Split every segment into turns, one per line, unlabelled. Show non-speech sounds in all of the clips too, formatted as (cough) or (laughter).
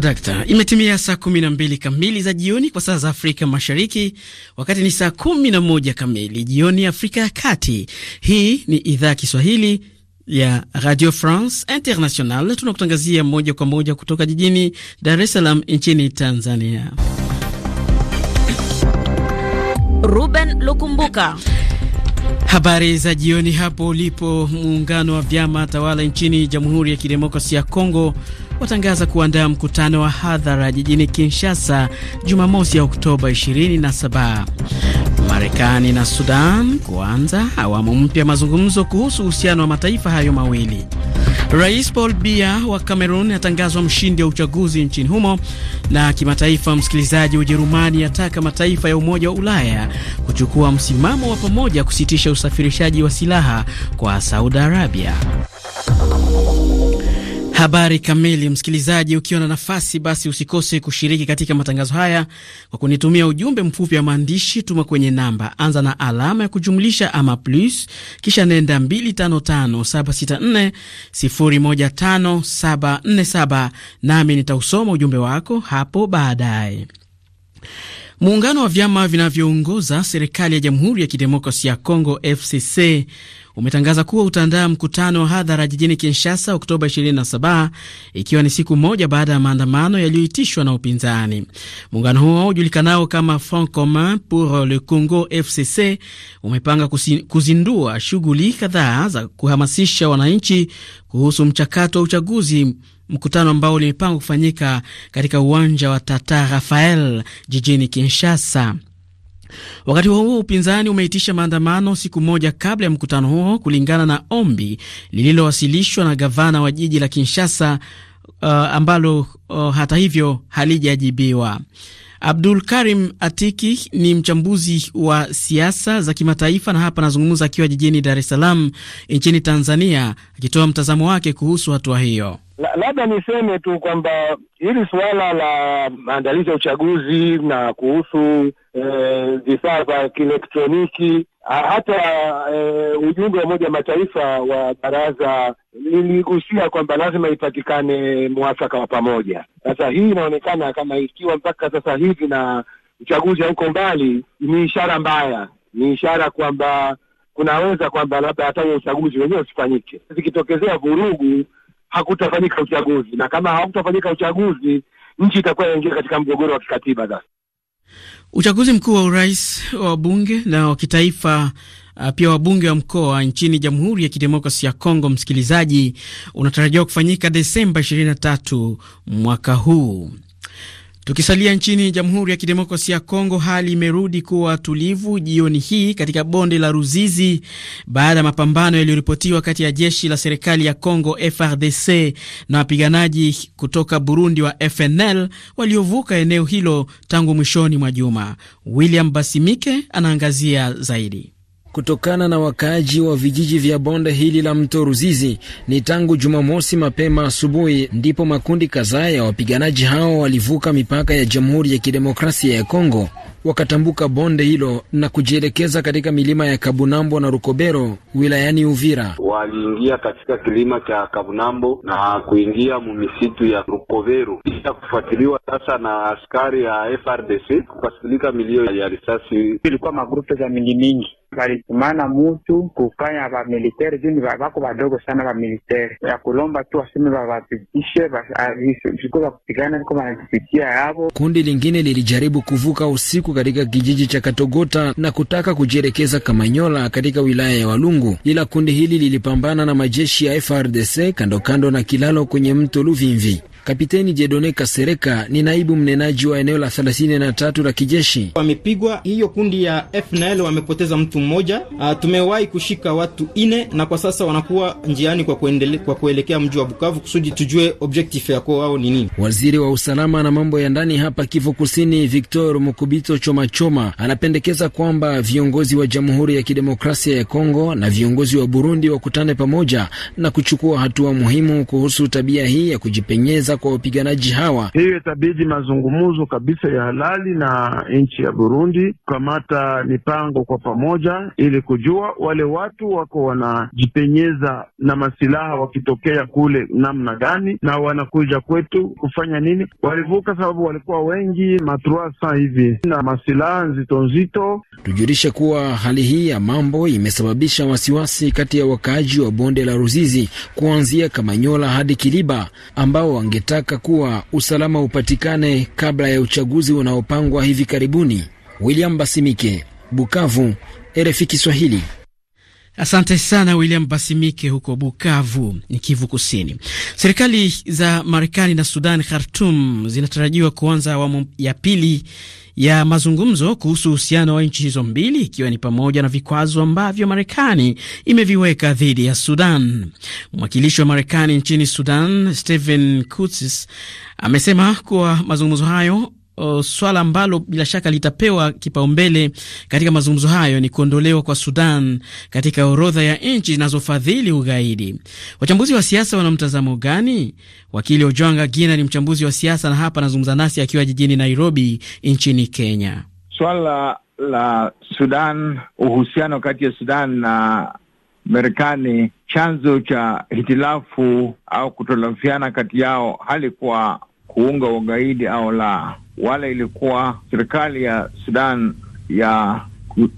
dakta, imetimia saa mbili kamili za jioni kwa saa za Afrika Mashariki, wakati ni saa moja kamili jioni Afrika ya Kati. Hii ni idhaa ya Kiswahili ya Radio France International, tunakutangazia moja kwa moja kutoka jijini Dar es Salaam nchini Tanzania. Ruben Lukumbuka. Habari za jioni hapo ulipo. Muungano wa vyama tawala nchini Jamhuri ya Kidemokrasia ya Kongo watangaza kuandaa mkutano wa hadhara jijini Kinshasa Jumamosi ya Oktoba 27. Marekani na Sudan kuanza awamu mpya mazungumzo kuhusu uhusiano wa mataifa hayo mawili. Rais Paul Biya wa Cameroon atangazwa mshindi wa uchaguzi nchini humo. Na kimataifa, msikilizaji, Ujerumani ataka mataifa ya Umoja wa Ulaya kuchukua msimamo wa pamoja kusitisha usafirishaji wa silaha kwa Saudi Arabia. Habari kamili, msikilizaji, ukiwa na nafasi basi usikose kushiriki katika matangazo haya kwa kunitumia ujumbe mfupi wa maandishi. Tuma kwenye namba, anza na alama ya kujumlisha ama plus, kisha nenda 255764015747 nami nitausoma ujumbe wako hapo baadaye. Muungano wa vyama vinavyoongoza serikali ya Jamhuri ya Kidemokrasia ya Kongo FCC umetangaza kuwa utaandaa mkutano wa hadhara jijini Kinshasa Oktoba 27 ikiwa ni siku moja baada ya maandamano yaliyoitishwa na upinzani. Muungano huo ujulikanao kama Front Commun pour le Congo FCC umepanga kuzindua shughuli kadhaa za kuhamasisha wananchi kuhusu mchakato wa uchaguzi mkutano ambao ulipangwa kufanyika katika uwanja wa Tata Rafael jijini Kinshasa. Wakati huo huo, upinzani umeitisha maandamano siku moja kabla ya mkutano huo, kulingana na ombi lililowasilishwa na gavana wa jiji la Kinshasa, uh, ambalo uh, hata hivyo halijajibiwa. Abdul Karim Atiki ni mchambuzi wa siasa za kimataifa na hapa anazungumza akiwa jijini Dar es Salaam nchini Tanzania, akitoa mtazamo wake kuhusu hatua hiyo.
Labda niseme tu kwamba hili suala la maandalizi ya uchaguzi na kuhusu eh, vifaa e, vya kielektroniki
hata e, ujumbe wa Umoja Mataifa wa baraza liligusia kwamba lazima ipatikane mwafaka wa pamoja. Sasa hii inaonekana kama ikiwa mpaka sasa hivi na uchaguzi hauko mbali, ni ishara mbaya, ni ishara kwamba kunaweza kwamba labda hata huo uchaguzi wenyewe usifanyike. Zikitokezea vurugu hakutafanyika uchaguzi, na kama hakutafanyika uchaguzi, nchi itakuwa inaingia katika mgogoro wa kikatiba. Sasa
uchaguzi mkuu wa urais, wa bunge na wa kitaifa uh, pia wabunge wa mkoa nchini Jamhuri ya Kidemokrasia ya Kongo, msikilizaji, unatarajiwa kufanyika Desemba 23 mwaka huu. Tukisalia nchini Jamhuri ya Kidemokrasia ya Kongo, hali imerudi kuwa tulivu jioni hii katika bonde la Ruzizi baada ya mapambano yaliyoripotiwa kati ya jeshi la serikali ya Kongo FRDC na wapiganaji kutoka Burundi wa FNL waliovuka eneo hilo tangu mwishoni mwa juma. William Basimike anaangazia
zaidi kutokana na wakaaji wa vijiji vya bonde hili la mto Ruzizi. Ni tangu Jumamosi mapema asubuhi ndipo makundi kadhaa ya wapiganaji hao walivuka mipaka ya Jamhuri ya Kidemokrasia ya Kongo wakatambuka bonde hilo na kujielekeza katika milima ya Kabunambo na Rukobero wilayani Uvira.
Waliingia katika kilima
cha Kabunambo na kuingia mumisitu ya Rukobero kisha kufuatiliwa sasa
na askari ya FRDC, kukasikilika milio ya risasi. Ilikuwa magrupe za mingi mingi balitumana mutu kufanya vamilitere juni vako badogo sana vamilitere ya kulomba tu waseme babapitishe viko bakupigana viko banajipitia
yavo. Kundi lingine lilijaribu kuvuka usiku katika kijiji cha Katogota na kutaka kujielekeza Kamanyola katika wilaya ya Walungu, ila kundi hili lilipambana na majeshi ya FRDC kando kando na kilalo kwenye mto Luvimvi. Kapiteni Jedone Kasereka ni naibu mnenaji wa eneo la 33 la kijeshi. Wamepigwa hiyo kundi ya FNL,
wamepoteza mtu mmoja. Ah, tumewahi kushika watu ine na kwa sasa wanakuwa njiani kwa, kuendele,
kwa kuelekea mji wa Bukavu kusudi tujue objective yako wao ni nini. Waziri wa usalama na mambo ya ndani hapa Kivu Kusini Victor Mukubito Chomachoma anapendekeza kwamba viongozi wa Jamhuri ya Kidemokrasia ya Kongo na viongozi wa Burundi wakutane pamoja na kuchukua hatua muhimu kuhusu tabia hii ya kujipenyeza kuanza kwa wapiganaji hawa.
Hiyo itabidi mazungumzo kabisa ya halali na nchi ya Burundi, kukamata mipango kwa pamoja, ili kujua wale watu wako wanajipenyeza na masilaha wakitokea kule namna gani, na wanakuja kwetu kufanya nini. Walivuka sababu walikuwa wengi matrasa hivi na masilaha nzito nzito. Tujulishe kuwa
hali hii ya mambo imesababisha wasiwasi kati ya wakaaji wa bonde la Ruzizi kuanzia Kamanyola hadi Kiliba ambao wange ametaka kuwa usalama upatikane kabla ya uchaguzi unaopangwa hivi karibuni. William Basimike, Bukavu, RFI Kiswahili.
Asante sana William Basimike huko Bukavu ni Kivu Kusini. Serikali za Marekani na Sudan Khartum zinatarajiwa kuanza awamu ya pili ya mazungumzo kuhusu uhusiano wa nchi hizo mbili, ikiwa ni pamoja na vikwazo ambavyo Marekani imeviweka dhidi ya Sudan. Mwakilishi wa Marekani nchini Sudan Stephen Kutsis amesema kuwa mazungumzo hayo swala ambalo bila shaka litapewa kipaumbele katika mazungumzo hayo ni kuondolewa kwa Sudan katika orodha ya nchi zinazofadhili ugaidi. Wachambuzi wa siasa wana mtazamo gani? Wakili Ojwanga Gina ni mchambuzi wa siasa na hapa anazungumza nasi akiwa jijini Nairobi nchini Kenya.
Swala la Sudan, uhusiano kati ya Sudan na Marekani, chanzo cha hitilafu au kutolofiana kati yao halikuwa kuunga ugaidi au la wale, ilikuwa serikali ya Sudan ya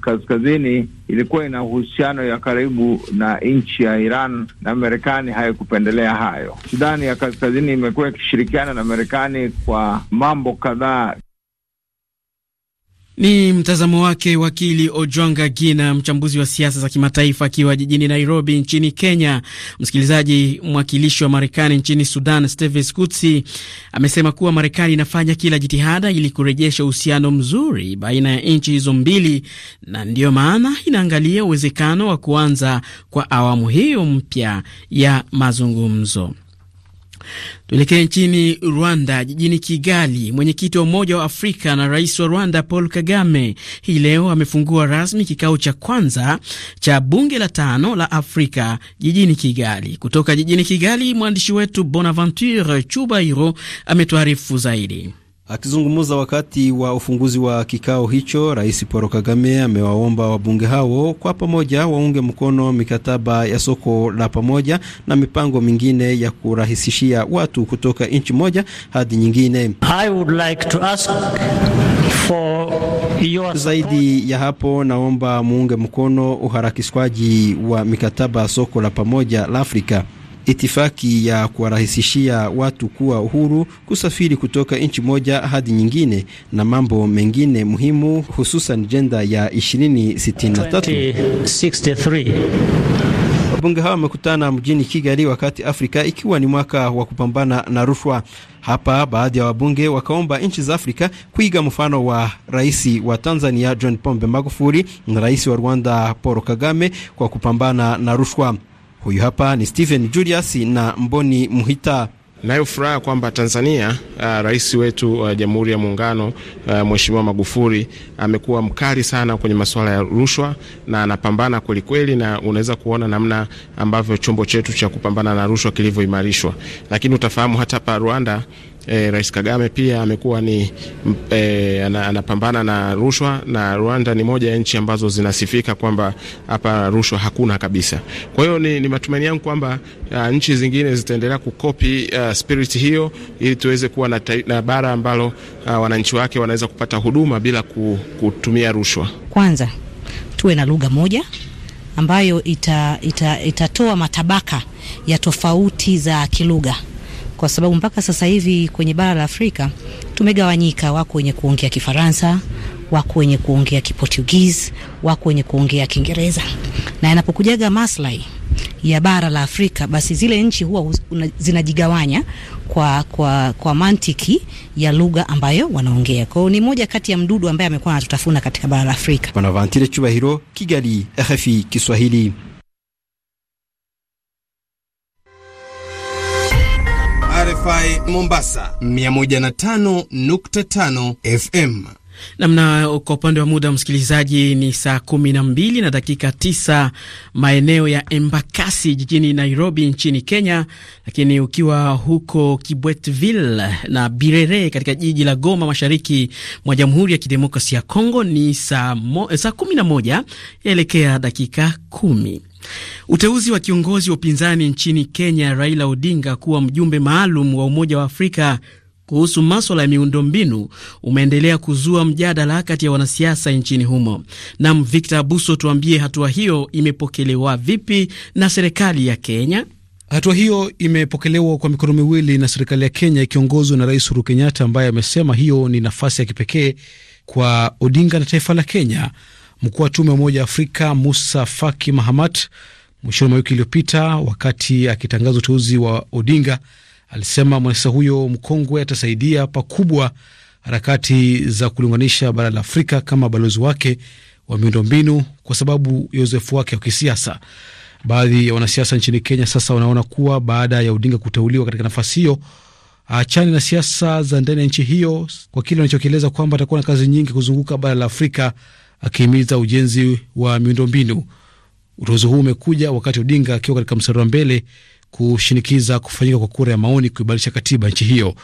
Kaskazini ilikuwa ina uhusiano ya karibu na nchi ya Iran na Marekani haikupendelea hayo. Sudani ya Kaskazini imekuwa ikishirikiana na Marekani kwa mambo kadhaa
ni mtazamo wake wakili Ojwanga Gina, mchambuzi wa siasa za kimataifa akiwa jijini Nairobi nchini Kenya. Msikilizaji, mwakilishi wa Marekani nchini Sudan Steve Kutsi amesema kuwa Marekani inafanya kila jitihada ili kurejesha uhusiano mzuri baina ya nchi hizo mbili, na ndiyo maana inaangalia uwezekano wa kuanza kwa awamu hiyo mpya ya mazungumzo. Tuelekee nchini Rwanda, jijini Kigali. Mwenyekiti wa Umoja wa Afrika na rais wa Rwanda Paul Kagame hii leo amefungua rasmi kikao cha kwanza cha bunge la tano la Afrika jijini Kigali. Kutoka jijini Kigali, mwandishi wetu Bonaventure Chubahiro ametuarifu zaidi.
Akizungumza wakati wa ufunguzi wa kikao hicho, Rais Paul Kagame amewaomba wabunge hao kwa pamoja waunge mkono mikataba ya soko la pamoja na mipango mingine ya kurahisishia watu kutoka nchi moja hadi nyingine. I would like to ask zaidi ya hapo, naomba muunge mkono uharakishwaji wa mikataba ya soko la pamoja la Afrika itifaki ya kuwarahisishia watu kuwa uhuru kusafiri kutoka nchi moja hadi nyingine na mambo mengine muhimu, hususan jenda ya 2063 2063. Wabunge hawa wamekutana mjini Kigali wakati Afrika ikiwa ni mwaka wa kupambana na rushwa. Hapa baadhi ya wabunge wakaomba nchi za Afrika kuiga mfano wa rais wa Tanzania John Pombe Magufuli na rais wa Rwanda Paul Kagame kwa kupambana na rushwa. Huyu hapa ni Stephen Julius na Mboni Mhita. Nayo furaha kwamba Tanzania, uh, rais wetu wa uh,
Jamhuri ya Muungano uh, Mheshimiwa Magufuli amekuwa mkali sana kwenye masuala ya rushwa na anapambana kwelikweli, na unaweza kuona namna ambavyo chombo chetu cha kupambana na rushwa kilivyoimarishwa, lakini utafahamu hata hapa Rwanda e, Rais Kagame pia amekuwa ni e, anapambana na rushwa, na Rwanda ni moja ya nchi ambazo zinasifika kwamba hapa rushwa hakuna kabisa. Kwa hiyo ni, ni matumaini yangu kwamba ah, nchi zingine zitaendelea kukopi uh, spirit hiyo ili tuweze kuwa na, na bara ambalo uh, wananchi wake wanaweza kupata huduma bila kutumia rushwa.
Kwanza tuwe na lugha moja ambayo ita, ita, itatoa matabaka ya tofauti za kilugha kwa sababu mpaka sasa hivi kwenye bara la Afrika tumegawanyika, wako wenye kuongea Kifaransa, wako wenye kuongea Kiportugizi, wako wenye kuongea Kiingereza, na yanapokujaga maslahi ya bara la Afrika basi zile nchi huwa zinajigawanya kwa, kwa, kwa mantiki ya lugha ambayo wanaongea. Kwa hiyo ni moja kati ya mdudu ambaye amekuwa anatutafuna katika bara la Afrika.
Vantile Chubahiro, Kigali, RFI Kiswahili.
RFI Mombasa 105.5 FM.
Namna kwa upande wa muda msikilizaji, ni saa kumi na mbili na dakika tisa maeneo ya Embakasi jijini Nairobi nchini Kenya, lakini ukiwa huko Kibwetville na Birere katika jiji la Goma mashariki mwa Jamhuri ya Kidemokrasia ya Kongo ni saa, 11 saa kumi na moja yaelekea dakika kumi. Uteuzi wa kiongozi wa upinzani nchini Kenya Raila Odinga kuwa mjumbe maalum wa Umoja wa Afrika kuhusu maswala ya miundombinu umeendelea kuzua mjadala kati ya wanasiasa nchini humo. Nam Victor Abuso, tuambie hatua hiyo imepokelewa vipi na serikali ya Kenya? Hatua hiyo
imepokelewa kwa mikono miwili na serikali ya Kenya ikiongozwa na Rais Uhuru Kenyatta ambaye amesema hiyo ni nafasi ya kipekee kwa Odinga na taifa la Kenya. Mkuu wa tume ya Umoja wa Afrika Musa Faki Mahamat mwishoni mwa wiki iliyopita, wakati akitangaza uteuzi wa Odinga, alisema mwanasiasa huyo mkongwe atasaidia pakubwa harakati za kuliunganisha bara la Afrika kama balozi wake wa miundombinu kwa sababu ya uzoefu wake wa kisiasa. Baadhi ya wanasiasa nchini Kenya sasa wanaona kuwa baada ya Odinga kuteuliwa katika nafasi hiyo achani na siasa za ndani ya nchi hiyo, kwa kile wanachokieleza kwamba atakuwa na kazi nyingi kuzunguka bara la Afrika akihimiza ujenzi wa miundombinu. Uteuzi huu umekuja wakati Odinga akiwa katika mstari wa mbele kushinikiza kufanyika kwa kura ya maoni kuibadilisha katiba nchi hiyo.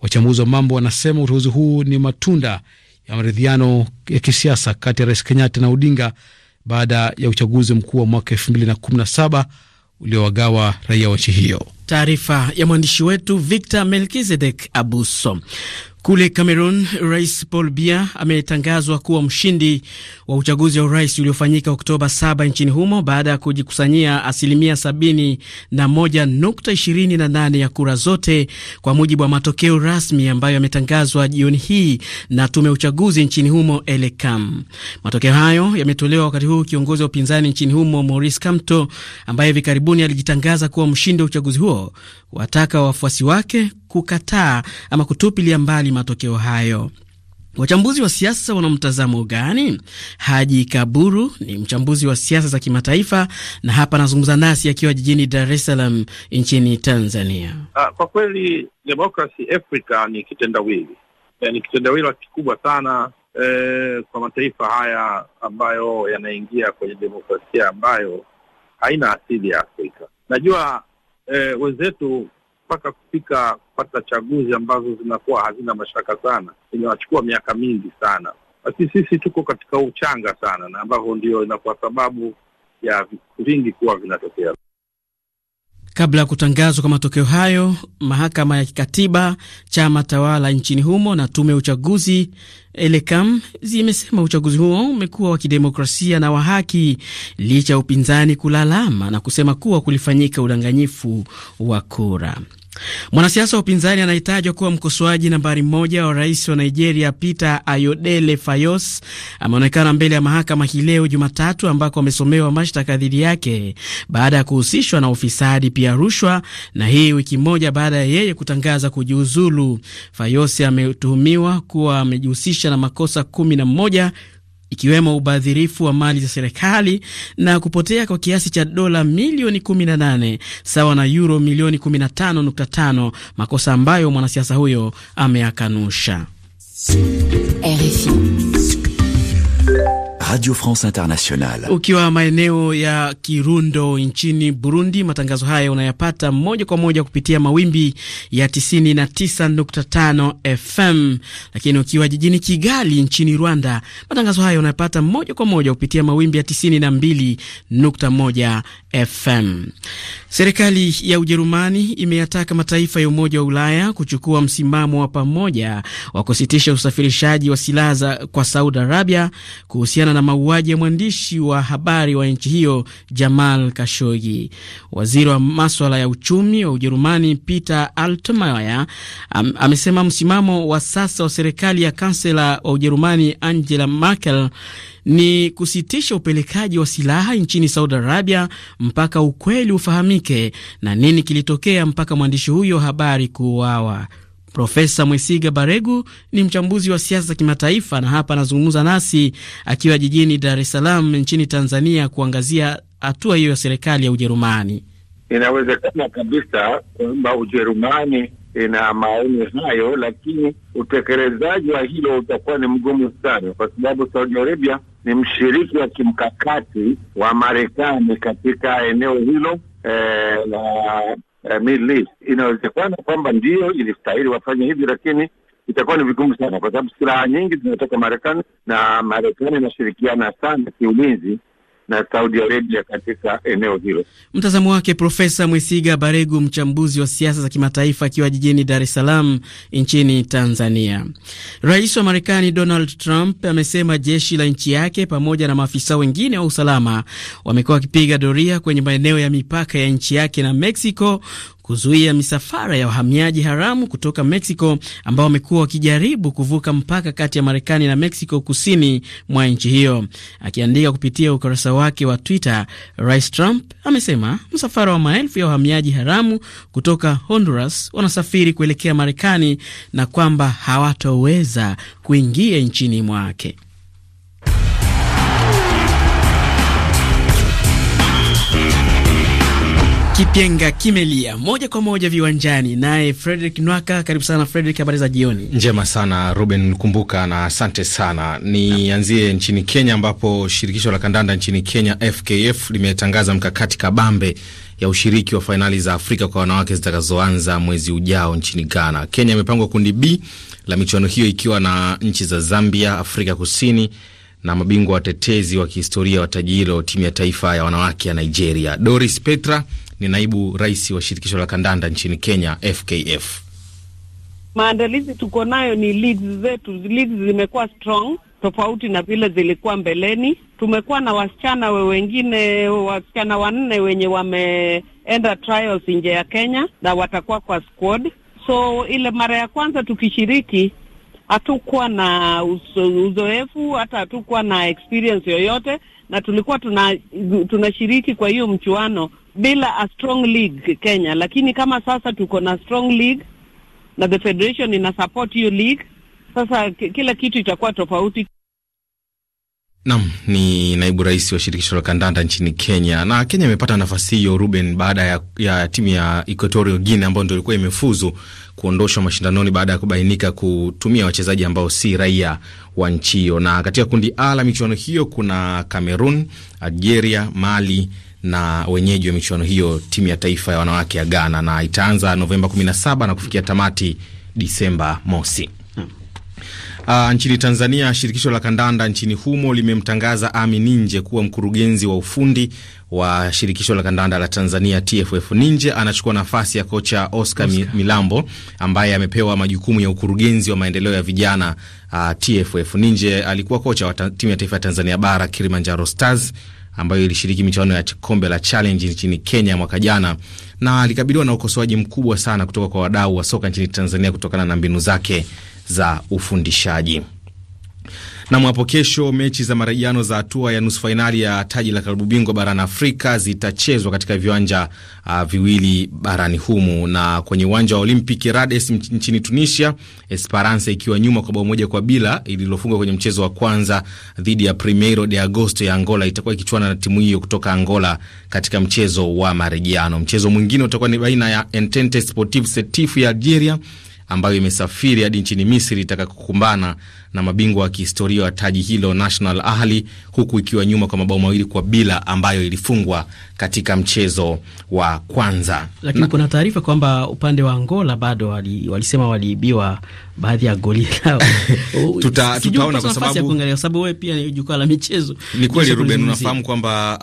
Wachambuzi wa mambo wanasema uteuzi huu ni matunda ya maridhiano ya kisiasa kati ya Rais Kenyatta na Odinga baada ya uchaguzi mkuu wa mwaka elfu mbili na kumi na saba uliowagawa raia wa nchi hiyo.
Taarifa ya mwandishi wetu Victor Melkizedek Abuso. Kule Cameroon, Rais Paul Biya ametangazwa kuwa mshindi wa uchaguzi wa urais uliofanyika Oktoba 7 nchini humo baada ya kujikusanyia asilimia 71.28 ya kura zote, kwa mujibu wa matokeo rasmi ambayo yametangazwa jioni hii na tume ya uchaguzi nchini humo Elecam. Matokeo hayo yametolewa wakati huu kiongozi wa upinzani nchini humo Maurice Kamto, ambaye hivi karibuni alijitangaza kuwa mshindi wa uchaguzi huo wataka wafuasi wake kukataa ama kutupilia mbali matokeo hayo. Wachambuzi wa siasa wana mtazamo gani? Haji Kaburu ni mchambuzi wa siasa za kimataifa na hapa anazungumza nasi akiwa jijini Dar es Salaam nchini Tanzania.
Ah, kwa kweli demokrasi Afrika ni kitendawili, ni kitendawili kikubwa sana eh, kwa mataifa haya ambayo yanaingia kwenye demokrasia ambayo haina asili ya Afrika. Najua e, wenzetu mpaka kufika kupata chaguzi ambazo zinakuwa hazina mashaka sana, inawachukua miaka mingi sana, lakini sisi tuko katika uchanga sana, na ambavyo ndio inakuwa sababu ya vingi kuwa vinatokea.
Kabla ya kutangazwa kwa matokeo hayo, mahakama ya kikatiba, chama tawala nchini humo na tume ya uchaguzi ELECAM zimesema uchaguzi huo umekuwa wa kidemokrasia na wa haki licha ya upinzani kulalama na kusema kuwa kulifanyika udanganyifu wa kura. Mwanasiasa wa upinzani anayetajwa kuwa mkosoaji nambari moja wa rais wa Nigeria Peter Ayodele Fayos ameonekana mbele ya mahakama hii leo Jumatatu, ambako amesomewa mashtaka dhidi yake baada ya kuhusishwa na ufisadi pia rushwa, na hii wiki moja baada ya yeye kutangaza kujiuzulu. Fayos ametuhumiwa kuwa amejihusisha na makosa kumi na moja ikiwemo ubadhirifu wa mali za serikali na kupotea kwa kiasi cha dola milioni 18 sawa na euro milioni 15.5, makosa ambayo mwanasiasa huyo ameyakanusha.
RFI Radio France Internationale.
Ukiwa maeneo ya Kirundo nchini Burundi, matangazo haya unayapata moja kwa moja kupitia mawimbi ya 99.5 FM, lakini ukiwa jijini Kigali nchini Rwanda, matangazo haya unayapata moja kwa moja kupitia mawimbi ya 92.1 FM. Serikali ya Ujerumani imeyataka mataifa ya Umoja wa Ulaya kuchukua msimamo wa pamoja wa kusitisha usafirishaji wa silaha kwa Saudi Arabia kuhusiana na na mauaji ya mwandishi wa habari wa nchi hiyo Jamal Kashogi. Waziri wa maswala ya uchumi wa Ujerumani Peter Altmaier am, amesema msimamo wa sasa wa serikali ya kansela wa Ujerumani Angela Merkel ni kusitisha upelekaji wa silaha nchini Saudi Arabia mpaka ukweli ufahamike na nini kilitokea mpaka mwandishi huyo habari kuuawa. Profesa Mwesiga Baregu ni mchambuzi wa siasa za kimataifa na hapa anazungumza nasi akiwa jijini Dar es Salaam nchini Tanzania kuangazia hatua hiyo ya serikali ya Ujerumani.
Inawezekana kabisa kwamba Ujerumani ina maoni hayo, lakini utekelezaji wa hilo utakuwa ni mgumu sana, kwa sababu Saudi Arabia ni mshiriki wa kimkakati wa Marekani katika eneo hilo e, la uh, Middle East. Inawezekana kwamba ndio ilistahili wafanye hivyo, lakini itakuwa ni vigumu sana, kwa sababu silaha nyingi zinatoka Marekani na Marekani inashirikiana sana kiulinzi na Saudi Arabia katika eneo hilo.
Mtazamo wake Profesa Mwesiga Baregu, mchambuzi wa siasa za kimataifa, akiwa jijini Dar es Salaam nchini Tanzania. Rais wa Marekani Donald Trump amesema jeshi la nchi yake pamoja na maafisa wengine wa usalama wamekuwa wakipiga doria kwenye maeneo ya mipaka ya nchi yake na Mexico kuzuia misafara ya wahamiaji haramu kutoka Mexico ambao wamekuwa wakijaribu kuvuka mpaka kati ya Marekani na Mexico kusini mwa nchi hiyo. Akiandika kupitia ukurasa wake wa Twitter, Rais Trump amesema msafara wa maelfu ya wahamiaji haramu kutoka Honduras wanasafiri kuelekea Marekani na kwamba hawatoweza kuingia nchini mwake. Kipenga kimelia moja kwa moja viwanjani,
naye Frederick Nwaka. Karibu sana Frederick, habari za jioni. Njema sana Ruben Kumbuka na asante sana. Nianzie nchini Kenya ambapo shirikisho la kandanda nchini Kenya FKF limetangaza mkakati kabambe ya ushiriki wa fainali za Afrika kwa wanawake zitakazoanza mwezi ujao nchini Ghana. Kenya imepangwa kundi B la michuano hiyo ikiwa na nchi za Zambia, Afrika Kusini na mabingwa watetezi wa kihistoria wa taji hilo, timu ya taifa ya wanawake ya Nigeria. Doris Petra ni naibu rais wa shirikisho la kandanda nchini Kenya, FKF.
Maandalizi tuko nayo ni leads zetu, leads zimekuwa strong tofauti na vile zilikuwa mbeleni. Tumekuwa na wasichana we wengine wasichana wanne wenye wameenda trials nje ya Kenya na watakuwa kwa squad. So ile mara ya kwanza tukishiriki,
hatukuwa na uzo, uzoefu hata hatukuwa na experience yoyote, na tulikuwa
tuna tunashiriki kwa hiyo mchuano bila a strong league Kenya, lakini kama sasa tuko na strong league na the federation ina support hiyo league, sasa
kila kitu itakuwa tofauti.
Nam ni naibu rais wa shirikisho la kandanda nchini Kenya. Na Kenya imepata nafasi hiyo Ruben, baada ya, ya timu ya Equatorial Guinea ambayo ndio ilikuwa imefuzu kuondoshwa mashindanoni baada ya kubainika kutumia wachezaji ambao si raia wa nchi hiyo. Na katika kundi A la michuano hiyo kuna Cameroon, Algeria, Mali na wenyeji wa michuano hiyo, timu ya taifa ya wanawake ya Ghana, na itaanza Novemba 17 na kufikia tamati Disemba mosi. Uh, nchini Tanzania shirikisho la kandanda nchini humo limemtangaza Ami Ninje kuwa mkurugenzi wa ufundi wa shirikisho la kandanda la Tanzania TFF. Ninje anachukua nafasi ya kocha Oscar, Oscar Milambo ambaye amepewa majukumu ya ukurugenzi wa maendeleo ya vijana uh, ah, TFF. Ninje alikuwa kocha wa timu ya taifa ya Tanzania bara Kilimanjaro Stars ambayo ilishiriki michuano ya kombe la Challenge nchini Kenya mwaka jana na alikabiliwa na ukosoaji mkubwa sana kutoka kwa wadau wa soka nchini Tanzania kutokana na mbinu zake za ufundishaji. Na mwapo kesho mechi za marejiano za hatua ya nusu fainali ya taji la klabu bingwa barani Afrika zitachezwa katika viwanja uh, viwili barani humu, na kwenye uwanja wa Olympic Rades nchini Tunisia, Esperance ikiwa nyuma kwa bao moja kwa bila ililofungwa kwenye mchezo wa kwanza dhidi ya Primeiro de Agosto ya Angola itakuwa ikichuana na timu hiyo kutoka Angola katika mchezo wa marejiano. Mchezo mwingine utakuwa ni baina ya Entente Sportive Setif ya Algeria ambayo imesafiri hadi nchini Misri itakakukumbana na mabingwa wa kihistoria wa taji hilo National Ahli, huku ikiwa nyuma kwa mabao mawili kwa bila ambayo ilifungwa katika mchezo wa kwanza.
Lakini kuna taarifa kwamba upande wa Angola bado wali, walisema waliibiwa baadhi ya goli lao.
(laughs) Tuta, tutaona kwa
sababu wewe pia ni jukwaa la michezo. Ni kweli Ruben, unafahamu
kwamba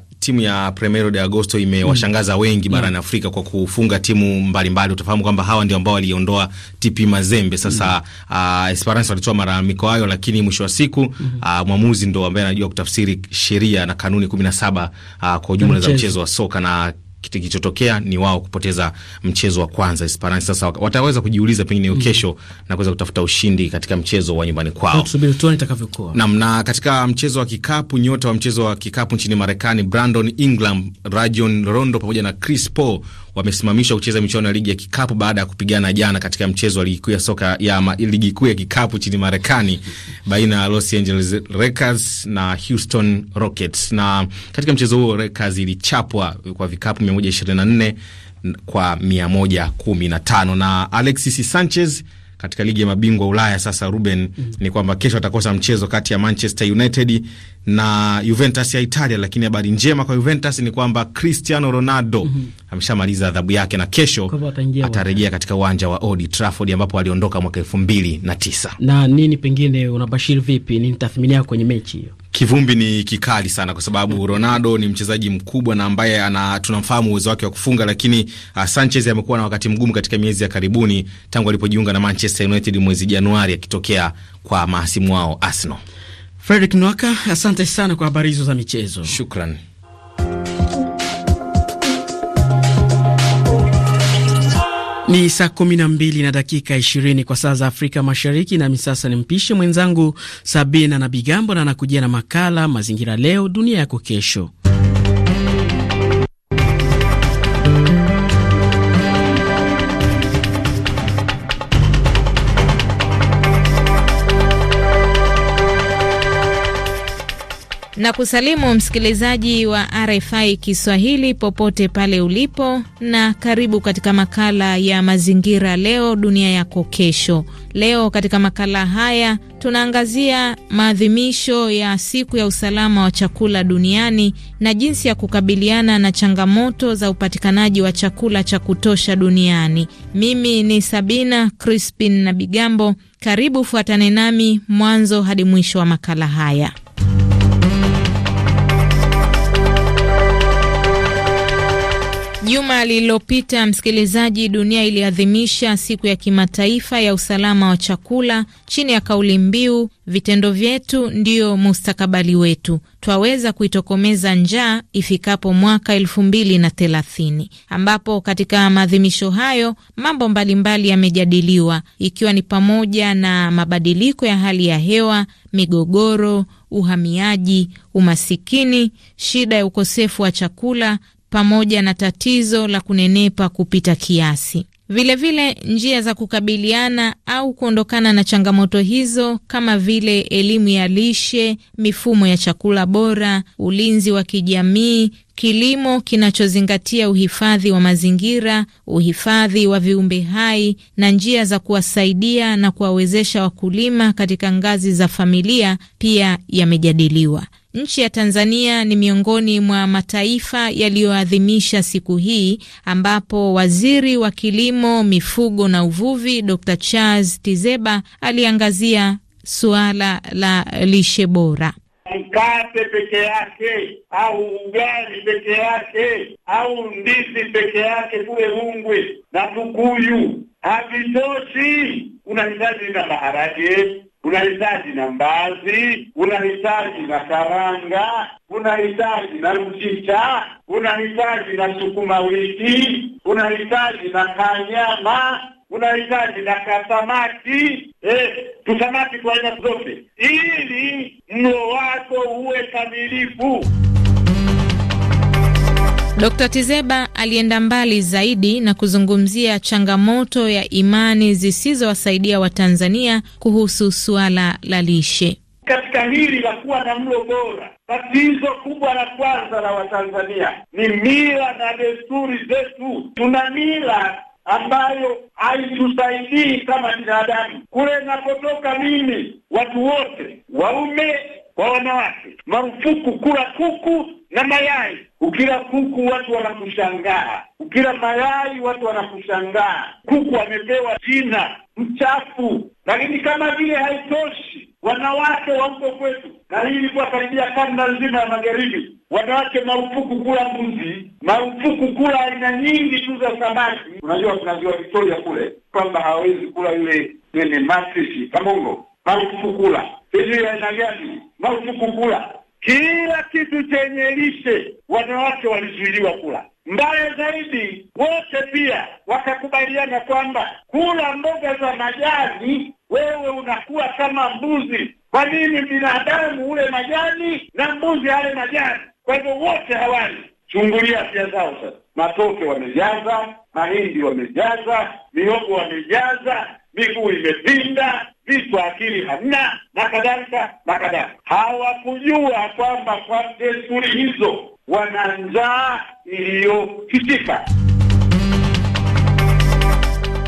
uh, timu ya Primeiro de Agosto imewashangaza mm. wengi barani mm. Afrika kwa kufunga timu mbalimbali Utafahamu kwamba hawa ndio ambao waliondoa TP Mazembe. Sasa mm. uh, Esperance walitoa malalamiko hayo, lakini mwisho wa siku mm uh, mwamuzi ndo ambaye anajua kutafsiri sheria na kanuni 17 uh, ah, kwa ujumla za mchezo wa soka na kilichotokea ni wao kupoteza mchezo wa kwanza Esperance. Sasa wataweza kujiuliza pengine hiyo mm. kesho mm, na kuweza kutafuta ushindi katika mchezo wa nyumbani kwao.
Tusubiri tuone itakavyokuwa.
Naam, na katika mchezo wa kikapu, nyota wa mchezo wa kikapu nchini Marekani Brandon Ingram, Rajon Rondo pamoja na Chris Paul wamesimamisha kucheza michuano ya ligi ya kikapu baada ya kupigana jana katika mchezo wa ligi kuu ya soka ya ligi kuu ya kikapu chini Marekani (laughs) baina ya Los Angeles Lakers na Houston Rockets. Na katika mchezo huo Lakers ilichapwa kwa vikapu 124 kwa 115 na Alexis Sanchez katika ligi ya mabingwa Ulaya sasa, Ruben, mm -hmm. ni kwamba kesho atakosa mchezo kati ya Manchester United na Juventus ya Italia, lakini habari njema kwa Juventus ni kwamba Cristiano Ronaldo mm -hmm. ameshamaliza adhabu yake na kesho atarejea katika uwanja wa Old Trafford ambapo aliondoka mwaka elfu mbili na tisa. Na
nini pengine unabashiri vipi, nini tathmini yako kwenye mechi hiyo?
kivumbi ni kikali sana, kwa sababu Ronaldo ni mchezaji mkubwa na ambaye ana, tunamfahamu uwezo wake wa kufunga, lakini uh, Sanchez amekuwa na wakati mgumu katika miezi ya karibuni tangu alipojiunga na Manchester United mwezi Januari akitokea kwa mahasimu wao Arsenal.
Fredrick Nwaka, asante sana kwa habari hizo za michezo. Shukran. Ni saa kumi na mbili na dakika ishirini kwa saa za Afrika Mashariki, nami sasa ni mpishe mwenzangu Sabina na Bigambo na anakujia na makala Mazingira Leo Dunia Yako Kesho.
na kusalimu msikilizaji wa RFI Kiswahili popote pale ulipo, na karibu katika makala ya mazingira, leo dunia yako kesho. Leo katika makala haya tunaangazia maadhimisho ya siku ya usalama wa chakula duniani na jinsi ya kukabiliana na changamoto za upatikanaji wa chakula cha kutosha duniani. Mimi ni Sabina Crispin na Bigambo, karibu fuatane nami mwanzo hadi mwisho wa makala haya. Juma lililopita, msikilizaji, dunia iliadhimisha siku ya kimataifa ya usalama wa chakula chini ya kauli mbiu vitendo vyetu ndiyo mustakabali wetu, twaweza kuitokomeza njaa ifikapo mwaka elfu mbili na thelathini, ambapo katika maadhimisho hayo mambo mbalimbali yamejadiliwa ikiwa ni pamoja na mabadiliko ya hali ya hewa, migogoro, uhamiaji, umasikini, shida ya ukosefu wa chakula pamoja na tatizo la kunenepa kupita kiasi. Vilevile vile, njia za kukabiliana au kuondokana na changamoto hizo kama vile elimu ya lishe, mifumo ya chakula bora, ulinzi wa kijamii, kilimo kinachozingatia uhifadhi wa mazingira, uhifadhi wa viumbe hai na njia za kuwasaidia na kuwawezesha wakulima katika ngazi za familia pia yamejadiliwa. Nchi ya Tanzania ni miongoni mwa mataifa yaliyoadhimisha siku hii ambapo waziri wa kilimo, mifugo na uvuvi Dr. Charles Tizeba aliangazia suala la lishe bora.
Mkate peke yake au ugali peke yake au ndizi peke yake kule Rungwe na Tukuyu havitoshi, unahitaji na maharage unahitaji na mbazi, unahitaji na karanga, unahitaji na mchicha, unahitaji na sukuma wiki, unahitaji na kanyama, unahitaji na kasamaki, eh, tusamaki kwa aina zote, ili mlo wako uwe kamilifu.
Dkt. Tizeba alienda mbali zaidi na kuzungumzia changamoto ya imani zisizowasaidia Watanzania kuhusu suala la lishe.
Katika hili la kuwa na mlo bora, tatizo kubwa la kwanza la Watanzania ni mila na desturi zetu. Tuna mila ambayo haitusaidii kama binadamu. Kule napotoka mimi, watu wote waume kwa wanawake, marufuku kula kuku na mayai. Ukila kuku watu wanakushangaa, ukila mayai watu wanakushangaa. Kuku amepewa jina mchafu, lakini kama vile haitoshi, wanawake wa huko kwetu, na hii ilikuwa karibia kanda nzima ya magharibi, wanawake marufuku kula mbuzi, marufuku kula aina nyingi tu za samaki. Unajua kuna ziwa Victoria kule kwamba hawawezi kula yule yule matisi kamongo marufuku kula, sijui ya aina gani, marufuku kula, kila kitu chenye lishe wanawake walizuiliwa kula. Mbaya zaidi, wote pia wakakubaliana kwamba kula mboga za majani, wewe unakuwa kama mbuzi. Kwa nini binadamu ule majani na mbuzi ale majani? Kwa hivyo wote hawali. Chungulia afya zao sasa. Matoke wamejaza, mahindi wamejaza, mihogo wamejaza, miguu imepinda nafikiri hamna na kadhalika na kadhalika. Hawakujua kwamba kwa desturi hizo wana njaa iliyofitika.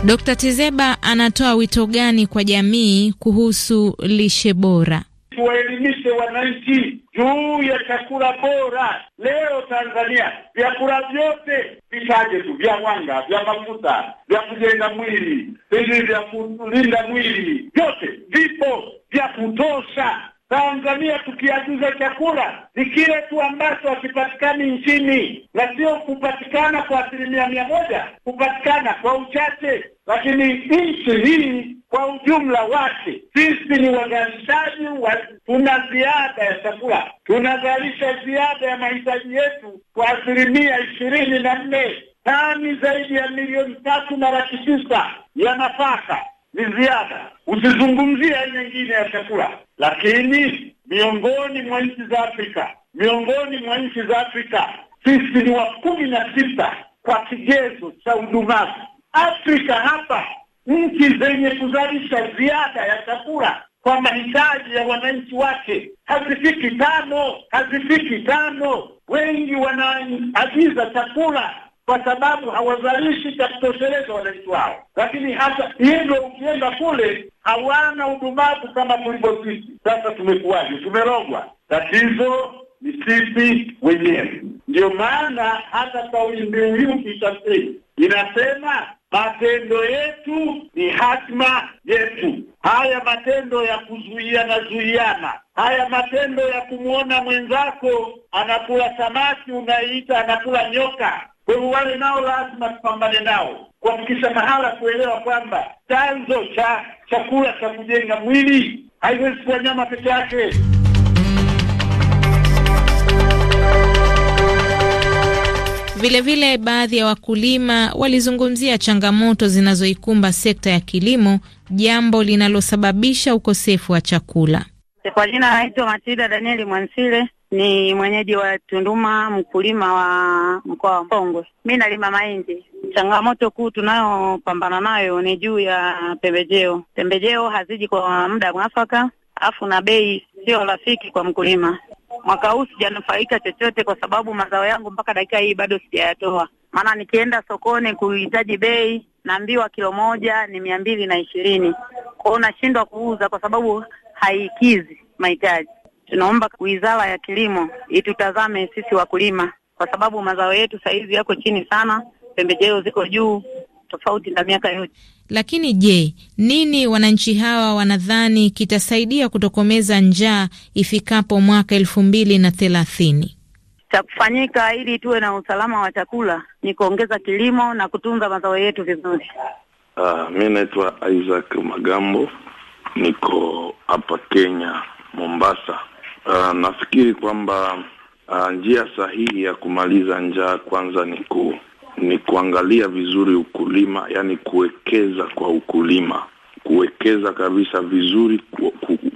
Dkt. Tizeba anatoa wito gani kwa jamii kuhusu lishe bora?
Tuwaelimishe wananchi juu ya chakula bora. Leo Tanzania vyakula vyote vitaje tu, vya wanga, vya mafuta, vya kujenga mwili, hivi vya kulinda mwili, vyote vipo vya kutosha. Tanzania tukiagiza chakula ni kile tu ambacho hakipatikani nchini, na sio kupatikana kwa asilimia mia moja, kupatikana kwa uchache lakini nchi hii kwa ujumla wake, sisi ni wazalishaji wa, tuna ziada ya chakula, tunazalisha ziada ya mahitaji yetu kwa asilimia ishirini na nne. Tani zaidi ya milioni tatu na laki tisa ya nafaka ni ziada, usizungumzia nyingine ya chakula. Lakini miongoni mwa nchi za Afrika, miongoni mwa nchi za Afrika, sisi ni wa kumi na sita kwa kigezo cha udumavu. Afrika hapa, nchi zenye kuzalisha ziada ya chakula kwa mahitaji ya wananchi wake hazifiki tano, hazifiki tano. Wengi wanaagiza chakula kwa sababu hawazalishi cha kutosheleza wananchi wao, lakini hata hivyo ukienda kule hawana udumavu kama tulivyo sisi. Sasa tumekuwaje? Tumerogwa. Tatizo ni sisi wenyewe. Ndiyo maana hata kauli mbiu hii ukisafiri inasema Matendo yetu ni hatima yetu. Haya matendo ya na zuiana, haya matendo ya kumwona mwenzako anakula samaki unaiita anakula nyoka, kwa hiyo wale nao lazima tupambane nao kuhakikisha mahala kuelewa kwamba chanzo cha chakula cha kujenga mwili haiwezi kuwa nyama peke yake.
Vilevile, baadhi ya wakulima walizungumzia changamoto zinazoikumba sekta ya kilimo, jambo linalosababisha ukosefu wa chakula.
Kwa jina naitwa Matilda Danieli Mwansile, ni mwenyeji wa Tunduma, mkulima wa mkoa wa Kongwe. Mi nalima mahindi. Changamoto kuu tunayopambana nayo ni juu ya pembejeo. Pembejeo haziji kwa muda mwafaka, afu na bei sio rafiki kwa mkulima. Mwaka huu sijanufaika chochote, kwa sababu mazao yangu mpaka dakika hii bado sijayatoa. Maana nikienda sokoni kuhitaji bei, naambiwa kilo moja ni mia mbili na ishirini. kwao unashindwa nashindwa kuuza kwa sababu haikizi mahitaji. Tunaomba wizara ya kilimo itutazame sisi wakulima, kwa sababu mazao yetu sahizi yako chini sana, pembejeo ziko juu tofauti na miaka yote.
Lakini je, nini wananchi hawa wanadhani kitasaidia kutokomeza njaa ifikapo mwaka elfu mbili na thelathini?
Cha kufanyika ili tuwe na usalama wa chakula ni kuongeza kilimo na kutunza mazao yetu vizuri.
Uh, mi naitwa Isaac Magambo, niko hapa Kenya, Mombasa. Uh, nafikiri kwamba uh, njia sahihi ya kumaliza njaa kwanza ni ku ni kuangalia vizuri ukulima, yani kuwekeza kwa ukulima, kuwekeza kabisa vizuri kwa,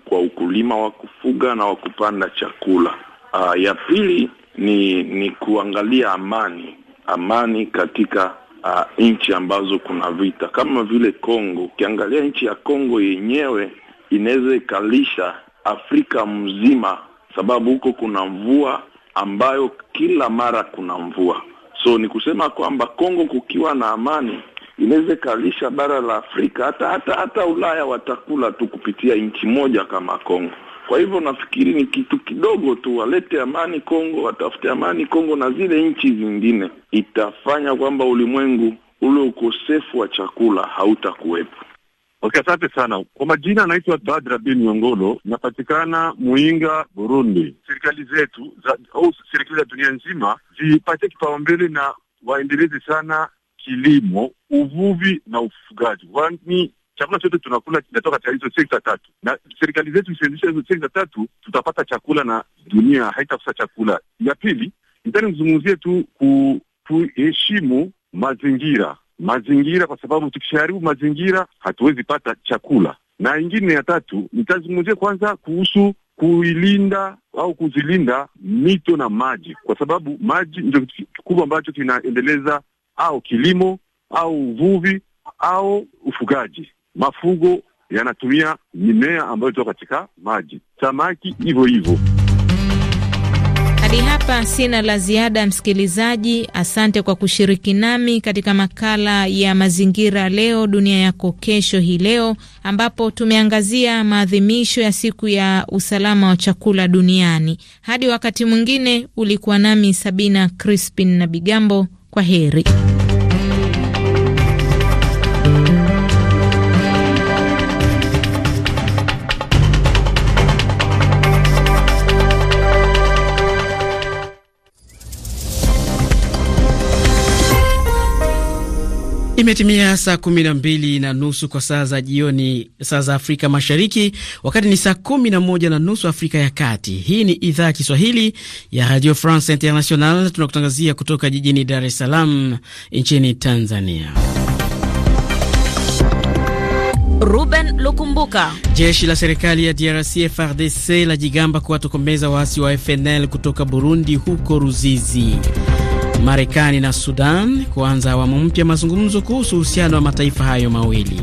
kwa ukulima wa kufuga na wa kupanda chakula. Aa, ah, ya pili ni ni kuangalia amani, amani katika uh, nchi ambazo kuna vita kama vile Kongo. Ukiangalia nchi ya Kongo yenyewe inaweza ikalisha Afrika mzima, sababu huko kuna mvua ambayo kila mara kuna mvua. So ni kusema kwamba Kongo kukiwa na amani inaweza ikalisha bara la Afrika hata hata hata Ulaya watakula tu kupitia nchi moja kama Kongo. Kwa hivyo nafikiri ni kitu kidogo tu, walete amani Kongo, watafute amani Kongo na zile nchi zingine, itafanya kwamba ulimwengu ule ukosefu wa chakula hautakuwepo. Okay, asante sana kwa majina, anaitwa Badra bin
Nyongolo, napatikana Muinga, Burundi. Serikali zetu za au serikali za dunia nzima zipate kipaumbele na waendeleze sana kilimo, uvuvi na ufugaji, kwani chakula chote tunakula kinatoka katika hizo sekta tatu, na serikali zetu ikianzisha hizo sekta tatu tutapata chakula na dunia haitakosa chakula. Ya pili, nitani kuzungumzie tu kuheshimu mazingira mazingira, kwa sababu tukishaharibu mazingira hatuwezi pata chakula. Na ingine ya tatu nitazungumzia kwanza kuhusu kuilinda au kuzilinda mito na maji, kwa sababu maji ndio kitu kikubwa ambacho kinaendeleza au kilimo au uvuvi au ufugaji. Mafugo yanatumia mimea ambayo toka katika maji, samaki hivyo hivyo.
Hadi hapa sina la ziada, msikilizaji. Asante kwa kushiriki nami katika makala ya mazingira leo dunia yako kesho hii leo, ambapo tumeangazia maadhimisho ya siku ya usalama wa chakula duniani. Hadi wakati mwingine, ulikuwa nami Sabina Crispin na Bigambo. Kwa heri.
Imetimia saa kumi na mbili na nusu kwa saa za jioni, saa za Afrika Mashariki, wakati ni saa kumi na moja na nusu Afrika ya Kati. Hii ni idhaa ya Kiswahili ya Radio France International, tunakutangazia kutoka jijini Dar es Salaam nchini Tanzania.
Ruben Lukumbuka.
Jeshi la serikali ya DRC frdc la jigamba kuwatokomeza waasi wa FNL kutoka Burundi huko Ruzizi. Marekani na Sudan kuanza awamu mpya mazungumzo kuhusu uhusiano wa mataifa hayo mawili.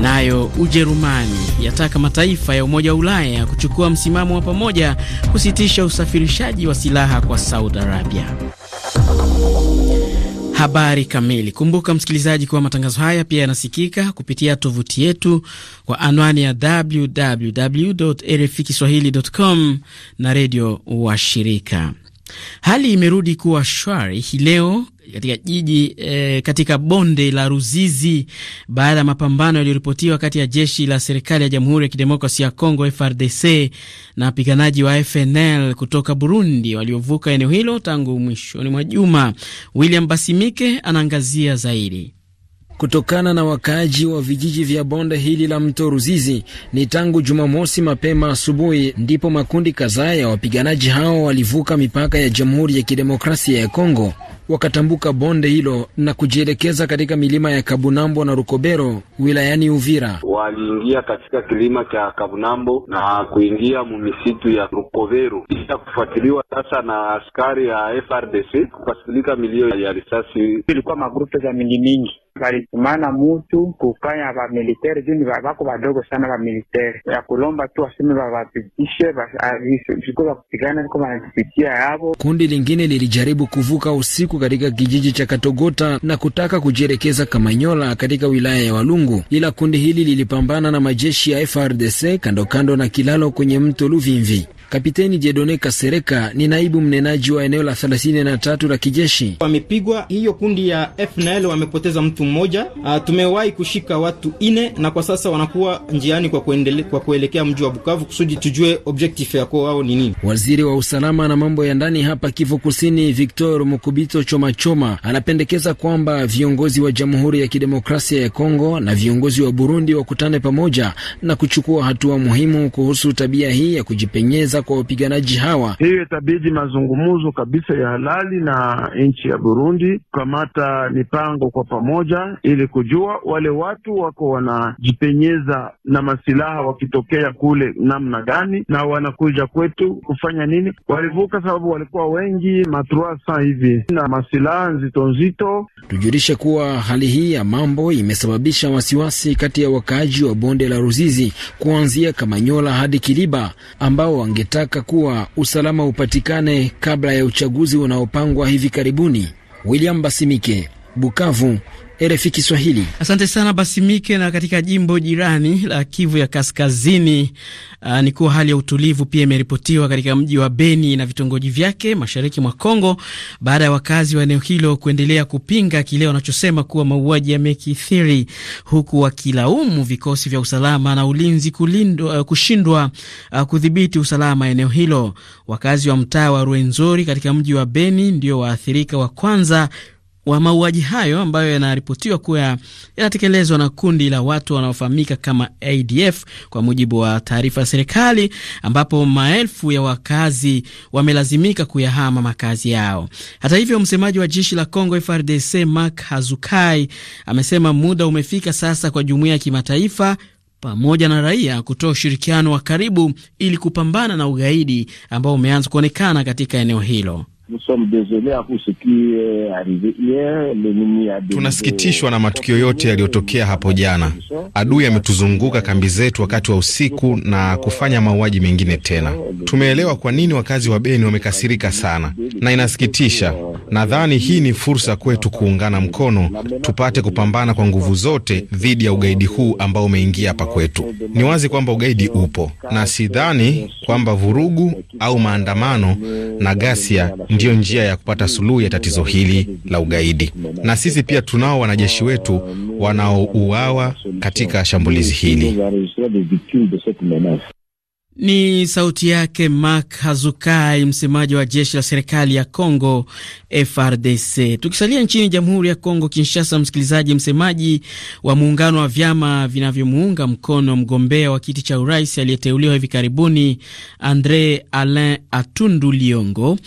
Nayo Ujerumani yataka mataifa ya Umoja wa Ulaya kuchukua msimamo wa pamoja kusitisha usafirishaji wa silaha kwa Saudi Arabia. Habari kamili. Kumbuka msikilizaji, kuwa matangazo haya pia yanasikika kupitia tovuti yetu kwa anwani ya www rfi kiswahili.com na redio washirika. Hali imerudi kuwa shwari hii leo katika jiji e, katika bonde la Ruzizi baada ya mapambano yaliyoripotiwa kati ya jeshi la serikali ya Jamhuri ya Kidemokrasia ya Kongo FRDC na wapiganaji wa FNL kutoka Burundi waliovuka eneo hilo tangu mwishoni mwa juma. William Basimike anaangazia zaidi
kutokana na wakaaji wa vijiji vya bonde hili la mto Ruzizi. Ni tangu Jumamosi mapema asubuhi ndipo makundi kadhaa ya wapiganaji hao walivuka mipaka ya Jamhuri ya Kidemokrasia ya Kongo wakatambuka bonde hilo na kujielekeza katika milima ya Kabunambo na Rukobero wilayani Uvira.
Waliingia katika kilima cha
Kabunambo na kuingia mumisitu ya Rukobero kisha kufuatiliwa sasa na askari
ya FRDC, kukasikilika milio ya risasi. Ilikuwa magrupe za mingi mingi valitumana mutu kukanya vamilitere juni vako vadogo sana vamilitere ya kulomba tu waseme vavapitishe ah, viko vakupigana viko vanavipitia yavo.
Kundi lingine lilijaribu kuvuka usiku katika kijiji cha Katogota na kutaka kujielekeza Kamanyola katika wilaya ya Walungu, ila kundi hili lilipambana na majeshi ya FRDC kando kando na kilalo kwenye mto Luvimvi. Kapiteni Jedone Kasereka ni naibu mnenaji wa eneo la 33 la kijeshi. Wamepigwa hiyo kundi ya FNL, wamepoteza mtu
mmoja. Ah, tumewahi kushika watu ine na kwa sasa wanakuwa njiani kwa, kuendele, kwa kuelekea
mji wa Bukavu kusudi tujue objective yako wao ni nini. Waziri wa usalama na mambo ya ndani hapa Kivu Kusini Victor Mukubito Chomachoma anapendekeza kwamba viongozi wa Jamhuri ya Kidemokrasia ya Kongo na viongozi wa Burundi wakutane pamoja na kuchukua hatua muhimu kuhusu tabia hii ya kujipenyeza kwa wapiganaji hawa.
Hiyo itabidi mazungumzo kabisa ya halali na nchi ya Burundi, kukamata mipango kwa pamoja, ili kujua wale watu wako wanajipenyeza na masilaha wakitokea kule namna gani, na wanakuja kwetu kufanya nini. Walivuka sababu walikuwa wengi matrasa hivi na masilaha nzito nzito. Tujulishe kuwa hali hii ya
mambo imesababisha wasiwasi kati ya wakaaji wa bonde la Ruzizi kuanzia Kamanyola hadi Kiliba ambao wange ametaka kuwa usalama upatikane kabla ya uchaguzi unaopangwa hivi karibuni. William Basimike, Bukavu, RFI Kiswahili.
Asante sana basi Mike. Na katika jimbo jirani la Kivu ya Kaskazini, uh, ni kuwa hali ya utulivu pia imeripotiwa katika mji wa Beni na vitongoji vyake mashariki mwa Kongo baada ya wakazi wa eneo hilo kuendelea kupinga kile wanachosema kuwa mauaji yamekithiri, huku wakilaumu vikosi vya usalama na ulinzi kulindwa, uh, kushindwa uh, kudhibiti usalama eneo hilo. Wakazi wa mtaa wa Ruenzori katika mji wa Beni ndio waathirika wa kwanza wa mauaji hayo ambayo yanaripotiwa kuwa yanatekelezwa na kundi la watu wanaofahamika kama ADF kwa mujibu wa taarifa ya serikali, ambapo maelfu ya wakazi wamelazimika kuyahama makazi yao. Hata hivyo, msemaji wa jeshi la Congo frdc Mark Hazukai amesema muda umefika sasa kwa jumuiya ya kimataifa pamoja na raia kutoa ushirikiano wa karibu ili kupambana na ugaidi ambao umeanza kuonekana katika eneo hilo.
Nous sommes désolés pour ce qui est arrivé hier. L'ennemi a tunasikitishwa na matukio yote yaliyotokea hapo jana. Adui ametuzunguka kambi zetu wakati wa usiku na kufanya mauaji mengine tena. Tumeelewa kwa nini wakazi wa Beni wamekasirika sana na inasikitisha. Nadhani hii ni fursa kwetu kuungana mkono, tupate kupambana kwa nguvu zote dhidi ya ugaidi huu ambao umeingia hapa kwetu. Ni wazi kwamba ugaidi upo na sidhani kwamba vurugu au maandamano na ghasia ndiyo njia ya kupata suluhu ya tatizo hili la ugaidi. Na sisi pia tunao wanajeshi wetu wanaouawa katika shambulizi hili.
Ni sauti yake Mark Hazukai, msemaji wa jeshi la serikali ya Congo, FRDC. Tukisalia nchini Jamhuri ya Congo Kinshasa, msikilizaji, msemaji wa muungano wa vyama vinavyomuunga mkono mgombea wa kiti cha urais aliyeteuliwa hivi karibuni Andre Alain Atundu Liongo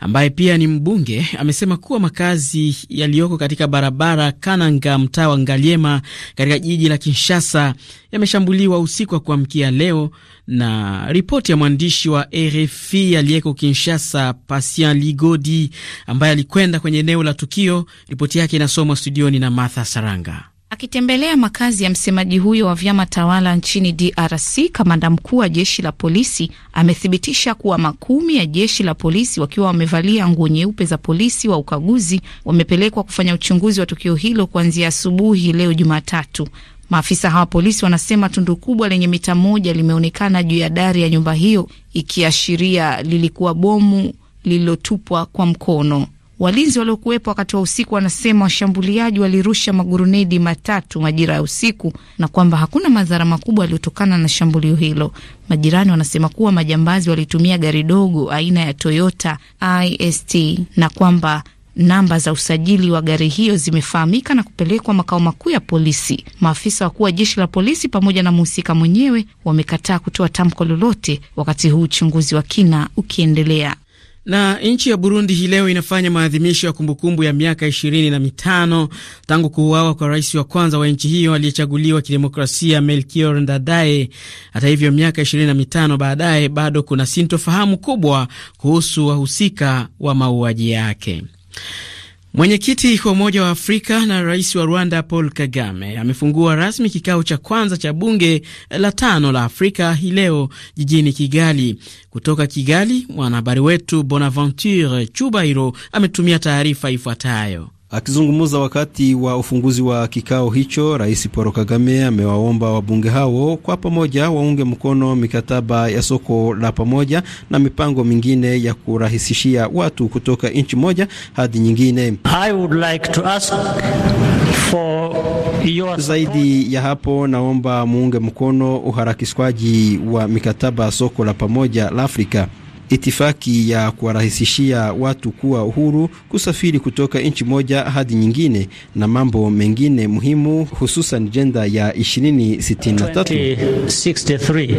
ambaye pia ni mbunge amesema kuwa makazi yaliyoko katika barabara Kananga, mtaa wa Ngaliema katika jiji la Kinshasa yameshambuliwa usiku wa kuamkia leo. Na ripoti ya mwandishi wa RFI aliyeko Kinshasa, Patient Ligodi, ambaye alikwenda kwenye eneo la tukio, ripoti yake inasomwa studioni na Martha Saranga.
Akitembelea makazi ya msemaji huyo wa vyama tawala nchini DRC, kamanda mkuu wa jeshi la polisi amethibitisha kuwa makumi ya jeshi la polisi wakiwa wamevalia nguo nyeupe za polisi wa ukaguzi wamepelekwa kufanya uchunguzi wa tukio hilo kuanzia asubuhi leo Jumatatu. Maafisa hawa polisi wanasema tundu kubwa lenye mita moja limeonekana juu ya dari ya nyumba hiyo, ikiashiria lilikuwa bomu lililotupwa kwa mkono. Walinzi waliokuwepo wakati wa usiku wanasema washambuliaji walirusha magurunedi matatu majira ya usiku na kwamba hakuna madhara makubwa yaliyotokana na shambulio hilo. Majirani wanasema kuwa majambazi walitumia gari dogo aina ya Toyota IST na kwamba namba za usajili wa gari hiyo zimefahamika na kupelekwa makao makuu ya polisi. Maafisa wakuu wa jeshi la polisi pamoja na mhusika mwenyewe wamekataa kutoa tamko lolote, wakati huu uchunguzi wa kina ukiendelea.
Na nchi ya Burundi hii leo inafanya maadhimisho ya kumbukumbu ya miaka ishirini na mitano tangu kuuawa kwa rais wa kwanza wa nchi hiyo aliyechaguliwa kidemokrasia melkior Ndadaye. Hata hivyo, miaka ishirini na mitano baadaye bado kuna sintofahamu kubwa kuhusu wahusika wa mauaji yake. Mwenyekiti wa Umoja wa Afrika na rais wa Rwanda Paul Kagame amefungua rasmi kikao cha kwanza cha bunge la tano la Afrika hii leo jijini Kigali. Kutoka Kigali, mwanahabari wetu Bonaventure Chubairo ametumia taarifa ifuatayo.
Akizungumza wakati wa ufunguzi wa kikao hicho, Rais Paul Kagame amewaomba wabunge hao kwa pamoja waunge mkono mikataba ya soko la pamoja na mipango mingine ya kurahisishia watu kutoka nchi moja hadi nyingine. I would like to ask zaidi ya hapo, naomba muunge mkono uharakishwaji wa mikataba ya soko la pamoja la Afrika itifaki ya kuwarahisishia watu kuwa uhuru kusafiri kutoka nchi moja hadi nyingine na mambo mengine muhimu, hususan jenda ya 2063.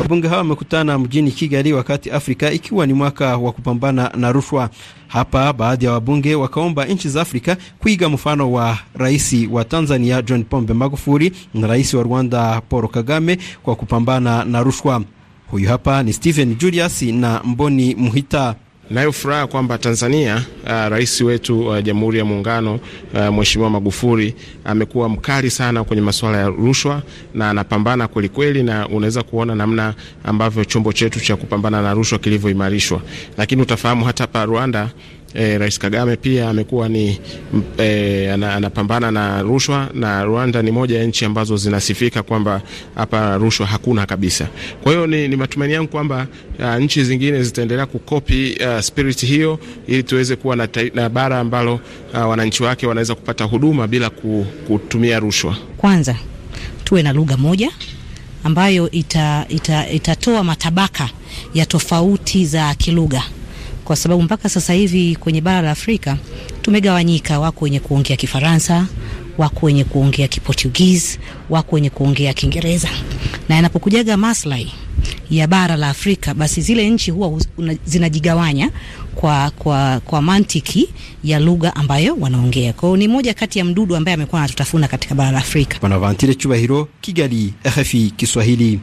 Wabunge hawa wamekutana mjini Kigali wakati Afrika ikiwa ni mwaka wa kupambana na rushwa. Hapa baadhi ya wabunge wakaomba nchi za Afrika kuiga mfano wa rais wa Tanzania John Pombe Magufuli na rais wa Rwanda Paul Kagame kwa kupambana na rushwa. Huyu hapa ni Stephen Julius na Mboni muhita Nayo furaha
kwamba Tanzania, uh, rais wetu wa uh, Jamhuri ya Muungano uh, Mheshimiwa Magufuli amekuwa mkali sana kwenye masuala ya rushwa na anapambana kweli kweli, na unaweza kuona namna ambavyo chombo chetu cha kupambana na rushwa kilivyoimarishwa, lakini utafahamu hata hapa Rwanda E, Rais Kagame pia amekuwa ni e, anapambana na rushwa na Rwanda ni moja ya nchi ambazo zinasifika kwamba hapa rushwa hakuna kabisa. Kwa hiyo ni, ni matumaini yangu kwamba ah, nchi zingine zitaendelea kukopi uh, spirit hiyo ili tuweze kuwa na, ta, na bara ambalo ah, wananchi wake wanaweza kupata huduma bila kutumia rushwa.
Kwanza tuwe na lugha moja ambayo ita, ita, itatoa matabaka ya tofauti za kilugha kwa sababu mpaka sasa hivi kwenye bara la Afrika tumegawanyika, wako wenye kuongea Kifaransa, wako wenye kuongea Kiportugizi, wako wenye kuongea Kiingereza, na yanapokujaga maslahi ya bara la Afrika basi zile nchi huwa zinajigawanya kwa, kwa, kwa mantiki ya lugha ambayo wanaongea. Kwa hiyo ni moja kati ya mdudu ambaye amekuwa anatutafuna katika bara la Afrika.
Bonaventure Chubahiro, Kigali, RFI Kiswahili.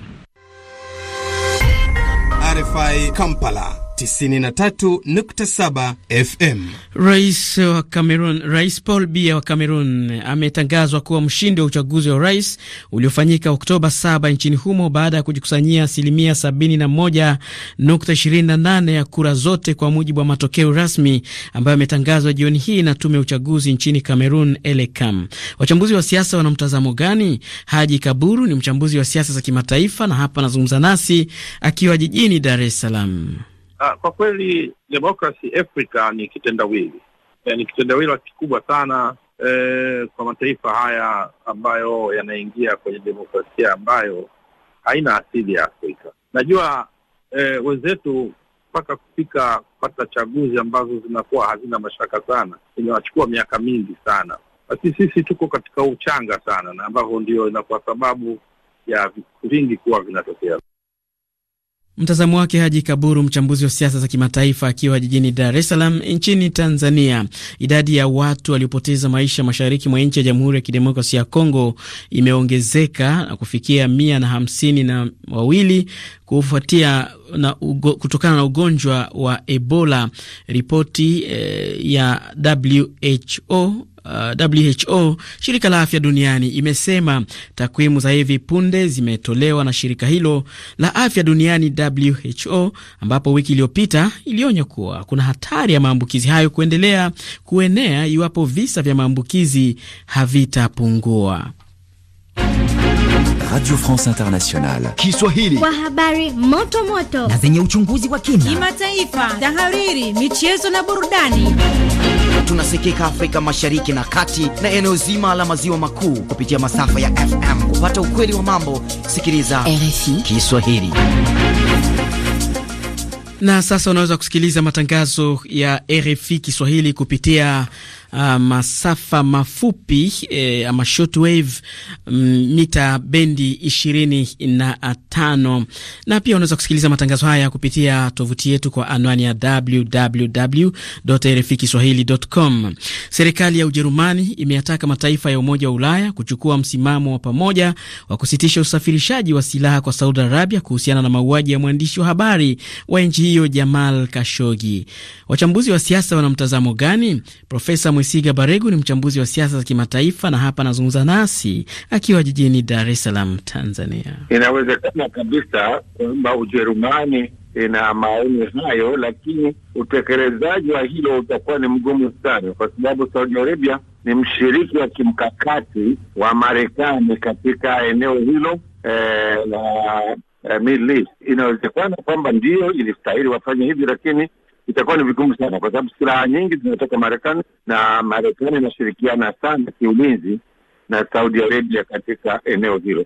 RFI Kampala 93.7 FM.
Rais wa Cameroon, Rais Paul Biya wa Cameroon ametangazwa kuwa mshindi wa uchaguzi wa rais uliofanyika Oktoba 7 nchini humo baada ya kujikusanyia asilimia 71.28 ya kura zote kwa mujibu wa matokeo rasmi ambayo ametangazwa jioni hii na tume ya uchaguzi nchini Cameroon Elecam. Wachambuzi wa siasa wana mtazamo gani? Haji Kaburu ni mchambuzi wa siasa za kimataifa na hapa anazungumza nasi akiwa jijini Dar es Salaam.
Uh, kwa kweli demokrasi Afrika ni kitendawili e, ni kitendawili kikubwa sana e, kwa mataifa haya ambayo yanaingia kwenye demokrasia ambayo haina asili ya Afrika. Najua e, wenzetu mpaka kufika kupata chaguzi ambazo zinakuwa hazina mashaka sana imewachukua miaka mingi sana, lakini sisi tuko katika uchanga sana, na ambavyo ndio inakuwa sababu ya vingi kuwa vinatokea.
Mtazamo wake Haji Kaburu, mchambuzi wa siasa za kimataifa, akiwa jijini Dar es Salaam nchini Tanzania. Idadi ya watu waliopoteza maisha mashariki mwa nchi ya Jamhuri ya Kidemokrasia ya Kongo imeongezeka na kufikia mia na hamsini na wawili kufuatia na ugo, kutokana na ugonjwa wa Ebola. Ripoti eh, ya WHO uh, WHO, shirika la afya duniani, imesema takwimu za hivi punde zimetolewa na shirika hilo la afya duniani WHO, ambapo wiki iliyopita ilionya kuwa kuna hatari ya maambukizi hayo kuendelea kuenea iwapo visa vya maambukizi havitapungua. Radio France
Internationale
Kiswahili,
kwa habari moto moto na
zenye uchunguzi wa kina,
kimataifa, tahariri, michezo
na burudani.
Tunasikika Afrika Mashariki na Kati na eneo zima la maziwa makuu kupitia masafa ya FM. Kupata ukweli wa mambo, sikiliza RFI Kiswahili. Na sasa unaweza kusikiliza matangazo ya RFI Kiswahili kupitia uh, masafa mafupi eh, ama shortwave mm, mita bendi ishirini na tano, na pia unaweza kusikiliza matangazo haya kupitia tovuti yetu kwa anwani ya www.rfikiswahili.com. Serikali ya Ujerumani imeyataka mataifa ya Umoja wa Ulaya kuchukua msimamo wa pamoja wa kusitisha usafirishaji wa silaha kwa Saudi Arabia kuhusiana na mauaji ya mwandishi wa habari wa nchi hiyo Jamal Kashogi. Wachambuzi wa siasa wana mtazamo gani? Profesa Mwisiga Baregu ni mchambuzi wa siasa za kimataifa na hapa anazungumza nasi akiwa jijini Dar es Salaam, Tanzania.
Inawezekana kabisa kwamba Ujerumani ina maoni hayo, lakini utekelezaji wa hilo utakuwa ni mgumu sana, kwa sababu Saudi Arabia ni mshiriki wa kimkakati wa Marekani katika eneo hilo eh, la eh, Middle East. Inawezekana kwamba ndio ilistahili wafanye hivi, lakini itakuwa ni vigumu sana, kwa sababu silaha nyingi zinatoka Marekani na Marekani inashirikiana sana kiulinzi na Saudi Arabia katika eneo hilo.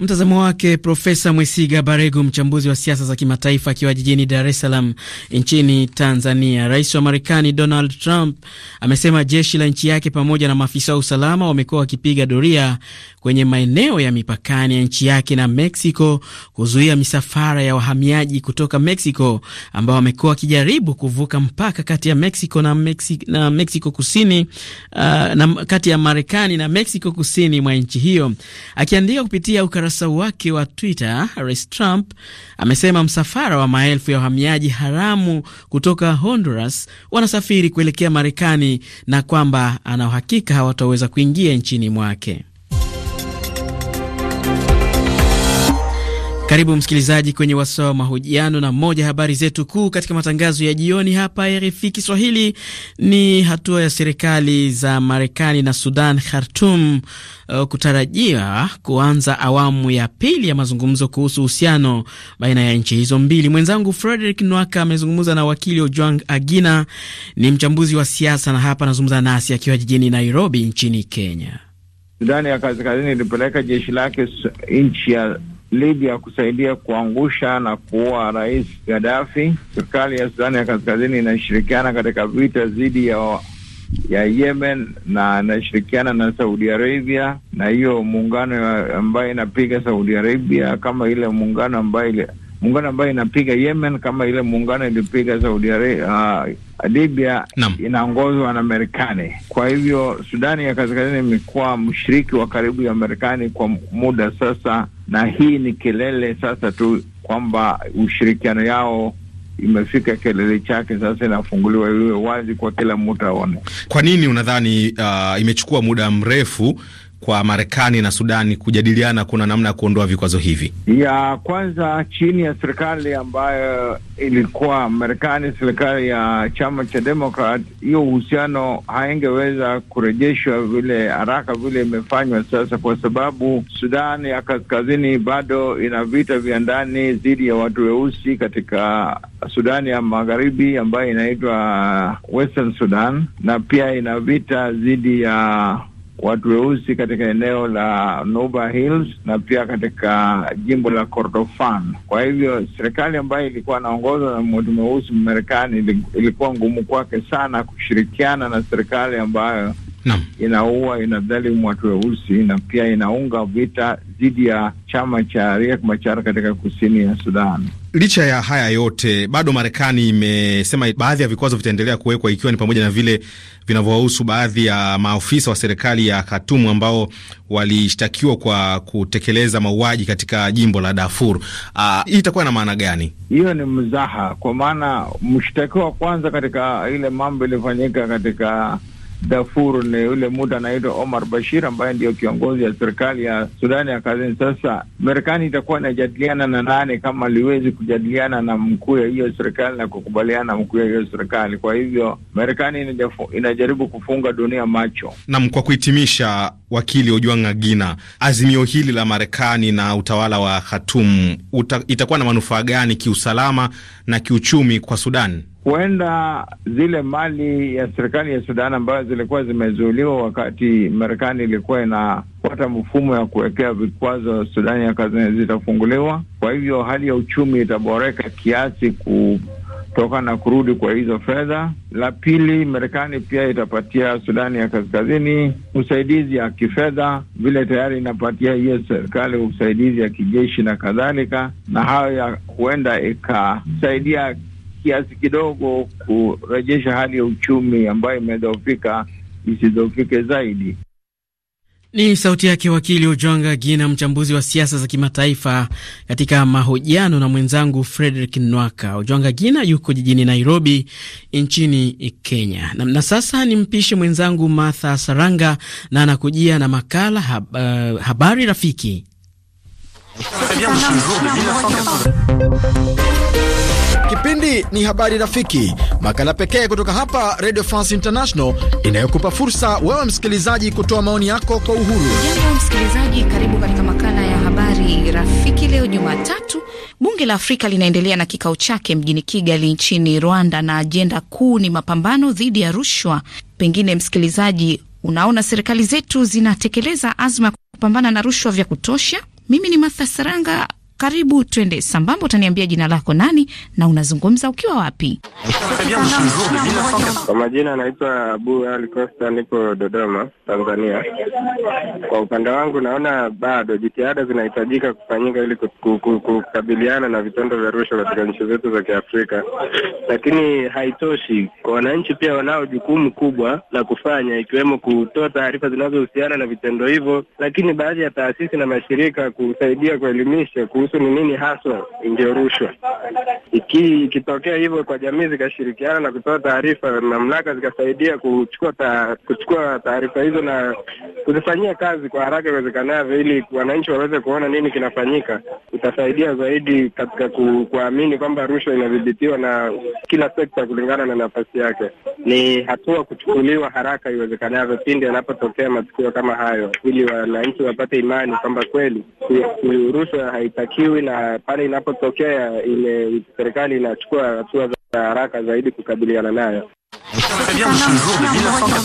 Mtazamo wake Profesa Mwesiga Baregu, mchambuzi wa siasa za kimataifa, akiwa jijini Dar es Salaam nchini Tanzania. Rais wa Marekani Donald Trump amesema jeshi la nchi yake pamoja na maafisa wa usalama wamekuwa wakipiga doria kwenye maeneo ya mipakani ya nchi yake na Mexico kuzuia misafara ya wahamiaji kutoka Mexico ambao wamekuwa wakijaribu kuvuka mpaka kati ya Mexico na, Mexi, na Mexico kusini uh, na kati ya Marekani na Mexico kusini mwa nchi hiyo, akiandika kupitia ukara ukurasa wake wa Twitter, Rais Trump amesema msafara wa maelfu ya wahamiaji haramu kutoka Honduras wanasafiri kuelekea Marekani na kwamba ana uhakika hawataweza kuingia nchini mwake. Karibu msikilizaji kwenye wasaa wa mahojiano na moja habari zetu kuu katika matangazo ya jioni hapa RFI Kiswahili ni hatua ya serikali za Marekani na Sudan Khartoum uh, kutarajia kuanza awamu ya pili ya mazungumzo kuhusu uhusiano baina ya nchi hizo mbili. Mwenzangu Frederick Nwaka amezungumza na wakili Ojuang Agina, ni mchambuzi wa siasa na hapa anazungumza nasi akiwa jijini Nairobi nchini
Kenya.
Sudani ya Kaskazini ilipeleka jeshi lake nchi ya Libya kusaidia kuangusha na kuua Rais Gaddafi. Serikali ya Sudani ya Kaskazini inashirikiana katika vita dhidi ya, ya Yemen na inashirikiana na Saudi Arabia, na hiyo muungano ambayo inapiga Saudi Arabia kama ile muungano ambayo muungano ambayo inapiga Yemen kama ile muungano ilipiga Saudi Arabia uh, Libya inaongozwa na Marekani. Kwa hivyo Sudani ya Kaskazini imekuwa mshiriki wa karibu ya Marekani kwa muda sasa, na hii ni kelele sasa tu kwamba ushirikiano yao imefika kelele chake sasa, inafunguliwa iwe wazi kwa kila mtu aone.
Kwa nini unadhani uh, imechukua muda mrefu kwa Marekani na Sudani kujadiliana kuna namna ya kuondoa vikwazo hivi?
Ya kwanza chini ya serikali ambayo ilikuwa Marekani, serikali ya chama cha Demokrat, hiyo uhusiano haingeweza kurejeshwa vile haraka vile imefanywa sasa, kwa sababu Sudan ya kaskazini bado ina vita vya ndani dhidi ya watu weusi katika Sudani ya magharibi ambayo inaitwa Western Sudan, na pia ina vita dhidi ya watu weusi katika eneo la Nuba Hills na pia katika jimbo la Kordofan. Kwa hivyo serikali ambayo ilikuwa inaongozwa na mtu mweusi Mmarekani ilikuwa ngumu kwake sana kushirikiana na serikali ambayo Naam. Inaua, inadhalimu watu weusi na pia inaunga vita dhidi ya chama cha Riek Machar katika kusini ya Sudan.
Licha ya haya yote, bado Marekani imesema baadhi ya vikwazo vitaendelea kuwekwa, ikiwa ni pamoja na vile vinavyohusu baadhi ya maafisa wa serikali ya Khartoum ambao walishtakiwa kwa kutekeleza mauaji katika jimbo la Darfur. Ah, hii itakuwa na maana gani?
Hiyo ni mzaha, kwa maana mshtakiwa wa kwanza katika ile mambo iliyofanyika katika Darfur ni yule muda anaitwa Omar Bashir ambaye ndiyo kiongozi ya serikali ya Sudani ya Kazini. Sasa Marekani itakuwa inajadiliana na nane kama aliwezi kujadiliana na mkuu ya hiyo serikali na kukubaliana na mkuu ya hiyo serikali? Kwa hivyo Marekani inajaribu kufunga dunia macho.
Nam, kwa kuhitimisha, wakili Ojwang Agina, azimio hili la Marekani na utawala wa khatum itakuwa na manufaa gani kiusalama na kiuchumi kwa Sudani?
huenda zile mali ya serikali ya Sudan ambayo zilikuwa zimezuiliwa wakati Marekani ilikuwa inafuata mfumo ya kuwekea vikwazo Sudani ya kazi zitafunguliwa. Kwa hivyo hali ya uchumi itaboreka kiasi kutokana na kurudi kwa hizo fedha. La pili, Marekani pia itapatia Sudani ya kaskazini usaidizi ya kifedha, vile tayari inapatia hiyo serikali usaidizi ya kijeshi na kadhalika, na hayo ya huenda ikasaidia kiasi kidogo kurejesha hali ya uchumi ambayo imedhoofika isidhoofike zaidi.
Ni sauti yake wakili Ojwanga Gina, mchambuzi wa siasa za kimataifa, katika mahojiano na mwenzangu Frederick Nwaka. Ojwanga Gina yuko jijini Nairobi nchini Kenya. Na, na sasa mpishe mwenzangu Martha Saranga na anakujia na makala hab, uh, habari rafiki.
Kipindi ni Habari Rafiki, makala pekee kutoka hapa Radio France International inayokupa fursa wewe msikilizaji kutoa maoni yako kwa uhuru.
Jambo msikilizaji, karibu katika makala ya Habari Rafiki. Leo Jumatatu, bunge la Afrika linaendelea na kikao chake mjini Kigali nchini Rwanda, na ajenda kuu ni mapambano dhidi ya rushwa. Pengine msikilizaji, unaona serikali zetu zinatekeleza azma ya kupambana na rushwa vya kutosha? Mimi ni Martha Saranga Karibu twende sambamba. Utaniambia jina lako nani na unazungumza ukiwa wapi?
Kwa majina anaitwa Abu Ali Costa, nipo Dodoma, Tanzania. Kwa upande wangu, naona bado jitihada zinahitajika kufanyika ili kukabiliana na vitendo vya rushwa katika nchi zetu za Kiafrika, lakini haitoshi. Kwa wananchi pia wanao jukumu kubwa la kufanya, ikiwemo kutoa taarifa zinazohusiana na vitendo hivyo, lakini baadhi ya taasisi na mashirika kusaidia kuelimisha kuhusu kuhusu ni nini haswa ingerushwa. Iki ikitokea hivyo kwa jamii zikashirikiana na kutoa taarifa, mamlaka zikasaidia kuchukua ta, kuchukua taarifa hizo na kuzifanyia kazi kwa haraka iwezekanavyo, ili wananchi waweze kuona nini kinafanyika, itasaidia zaidi katika ku, kuamini kwamba rushwa inadhibitiwa na kila sekta kulingana na nafasi yake. Ni hatua kuchukuliwa haraka iwezekanavyo pindi yanapotokea matukio kama hayo, ili wananchi wapate imani kwamba kweli rushwa haitaki haitakiwi, na pale inapotokea ile serikali inachukua hatua za haraka zaidi kukabiliana nayo.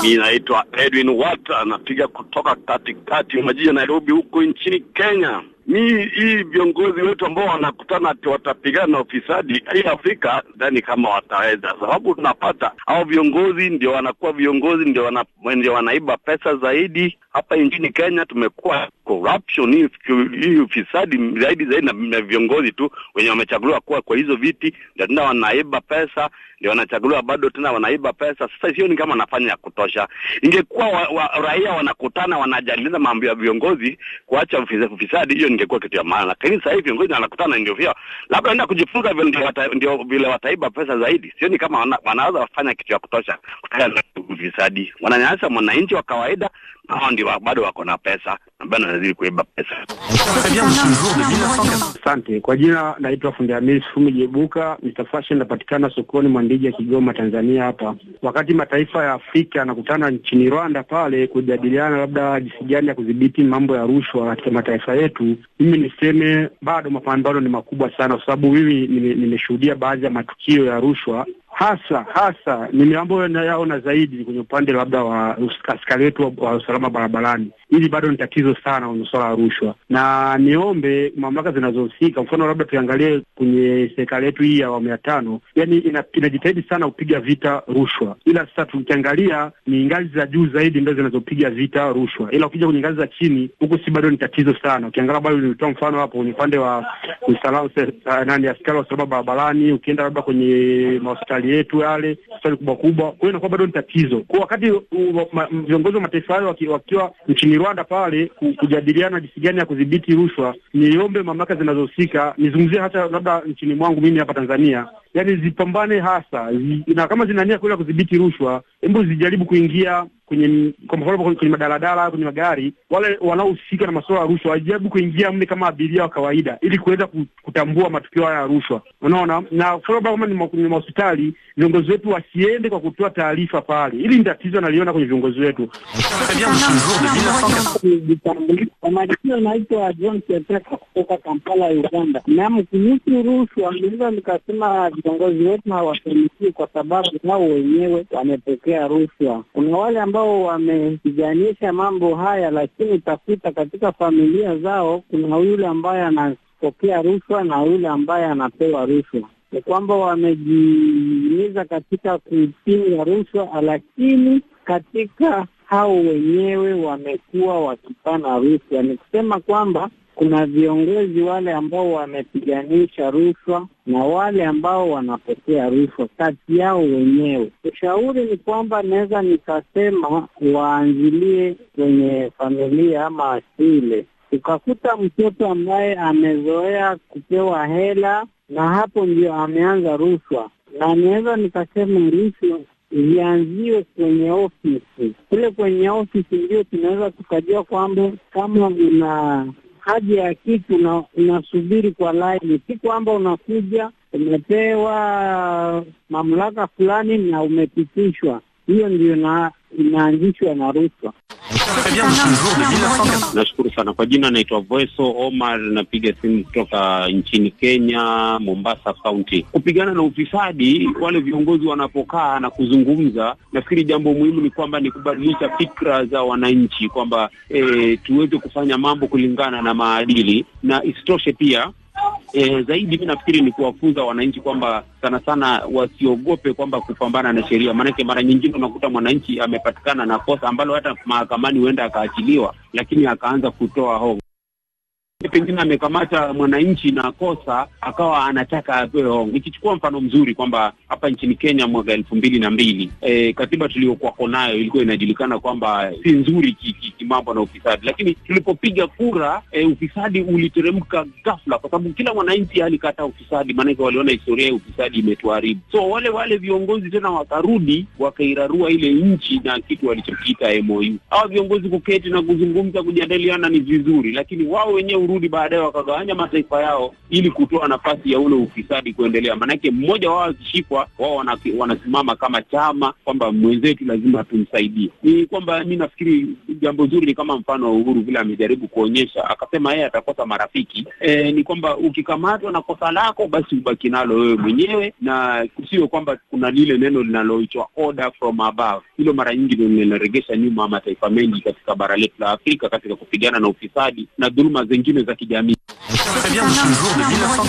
Mimi naitwa Edwin Wat, anapiga kutoka katikati mwa jiji ya Nairobi huko nchini Kenya.
Mi hii viongozi wetu
ambao wanakutana ati watapigana na ufisadi hii Afrika, dhani kama wataweza, sababu tunapata au viongozi ndio wanakuwa viongozi, ndio wana, ndio wanaiba pesa zaidi. Hapa nchini Kenya tumekuwa corruption hii ufisadi zaidi zaidi na, na viongozi tu wenye wamechaguliwa kuwa kwa hizo viti ndio tena wanaiba pesa, ndio wanachaguliwa bado tena wanaiba pesa. Sasa ni kama wanafanya ya kutosha. Ingekuwa wa, wa, raia wanakutana wanajadiliana mambo ya viongozi kuacha ufisadi, hiyo ingekuwa kitu ya maana, lakini sasa hivi viongozi wanakutana ndio vya labda wenda kujifunza vile ndio wata, vile wataiba pesa zaidi. sio ni kama wana, wanaweza kufanya kitu ya kutosha kutokana na ufisadi, wananyanyasa mwananchi wa kawaida hao ndio bado wako na pesa na bado wanazidi kuiba pesa.
Asante kwa jina, naitwa Fundi Hamis Fumijebuka, Mr Fashion, napatikana sokoni ya Kigoma, Tanzania. Hapa wakati mataifa ya Afrika yanakutana nchini Rwanda pale kujadiliana labda jinsi gani ya kudhibiti mambo ya rushwa katika mataifa yetu, mimi niseme bado mapambano ni makubwa sana, kwa sababu mimi nimeshuhudia baadhi ya matukio ya rushwa hasa hasa ni mambo yanayoona zaidi kwenye upande labda wa askari wetu wa usalama barabarani hili bado ni tatizo sana kwenye suala la rushwa, na niombe mamlaka zinazohusika, mfano labda tuangalie kwenye serikali yetu hii ya awamu ya tano, yani ina, inajitahidi sana kupiga vita rushwa, ila sasa tukiangalia ni ngazi za juu zaidi ndo zinazopiga vita rushwa, ila ukija kwenye ngazi za chini huku si bado ni tatizo sana. Ukiangalia bado nilitoa mfano hapo kwenye upande wa usalama, uh, nani, askari wa usalama barabarani, ukienda labda kwenye mahospitali yetu yale hospitali kubwa kubwa, kwa hiyo inakuwa bado ni tatizo kwa wakati viongozi wa mataifa hayo wakiwa nchini Rwanda pale kujadiliana jinsi gani ya kudhibiti rushwa. Niombe mamlaka zinazohusika, nizungumzie hata labda nchini mwangu mimi hapa Tanzania, yani zipambane hasa zi, na kama zinania kuenda kudhibiti rushwa, hebu zijaribu kuingia kwenye kwa mfano kwenye madaladala, kwenye magari, wale wanaohusika na masuala ya rushwa wajaribu kuingia mle kama abiria wa kawaida, ili kuweza kutambua matukio haya ya rushwa, unaona. Na kama ni mahospitali, viongozi wetu wasiende kwa kutoa taarifa pale. Hili ni tatizo analiona kwenye viongozi wetu.
Majina John kutoka Kampala Uganda. Naam, kuhusu rushwa, naweza nikasema viongozi wetu hawafanikiwi kwa sababu hao wenyewe wamepokea rushwa. Kuna wale ambao ambao wamepiganisha mambo haya, lakini utakuta katika familia zao kuna yule ambaye anapokea rushwa na yule ambaye anapewa rushwa. Ni kwamba wamejiimiza katika kupinga rushwa, lakini katika hao wenyewe wamekuwa wakipana rushwa. Ni kusema kwamba kuna viongozi wale ambao wamepiganisha rushwa na wale ambao wanapokea rushwa kati yao wenyewe. Ushauri ni kwamba naweza nikasema waanzilie kwenye familia ama shule. Ukakuta mtoto ambaye amezoea kupewa hela, na hapo ndio ameanza rushwa, na naweza nikasema rushwa vianzie kwenye ofisi. Kule kwenye ofisi ndio tunaweza tukajua kwamba kama una haja ya kitu na unasubiri kwa laini, si kwamba unakuja umepewa mamlaka fulani na umepitishwa hiyo ndio na inaanzishwa na rushwa.
Nashukuru sana kwa jina, naitwa Voiso Omar, napiga simu kutoka nchini Kenya, Mombasa County. Kupigana na ufisadi, wale viongozi wanapokaa na kuzungumza, nafikiri jambo muhimu ni kwamba ni kubadilisha fikra za wananchi kwamba e, tuweze kufanya mambo kulingana na maadili, na isitoshe pia E, zaidi mi nafikiri ni kuwafunza wananchi kwamba sana sana wasiogope kwamba kupambana na sheria, maanake mara nyingine unakuta mwananchi amepatikana na kosa ambalo hata mahakamani huenda akaachiliwa, lakini akaanza kutoa hongo pengine amekamata mwananchi na kosa akawa anataka apewe hongo. Nikichukua mfano mzuri kwamba hapa nchini Kenya mwaka elfu mbili na mbili e, katiba tuliyokuwako nayo ilikuwa inajulikana kwamba si nzuri kimambo ki, ki na ufisadi, lakini tulipopiga kura e, ufisadi uliteremka ghafla, kwa sababu kila mwananchi alikataa ufisadi, maanake waliona historia ya ufisadi imetuharibu. So wale wale viongozi tena wakarudi wakairarua ile nchi na kitu walichokiita MOU. Hawa viongozi kuketi na kuzungumza, kujadiliana ni vizuri, lakini wao wenyewe kurudi baadaye wakagawanya mataifa yao ili kutoa nafasi ya ule ufisadi kuendelea. Maanake mmoja wao akishikwa, wao wanasimama kama chama kwamba mwenzetu lazima tumsaidie. Ni kwamba mi nafikiri jambo zuri ni kama mfano wa Uhuru vile amejaribu kuonyesha, akasema yeye atakosa marafiki e, ni kwamba ukikamatwa na kosa lako basi ubaki nalo wewe mwenyewe, na sio kwamba kuna lile neno linaloitwa order from above. Hilo mara nyingi ndio linaregesha nyuma mataifa mengi katika bara letu la Afrika katika kupigana na ufisadi na dhuluma zingine shughuli za kijamii.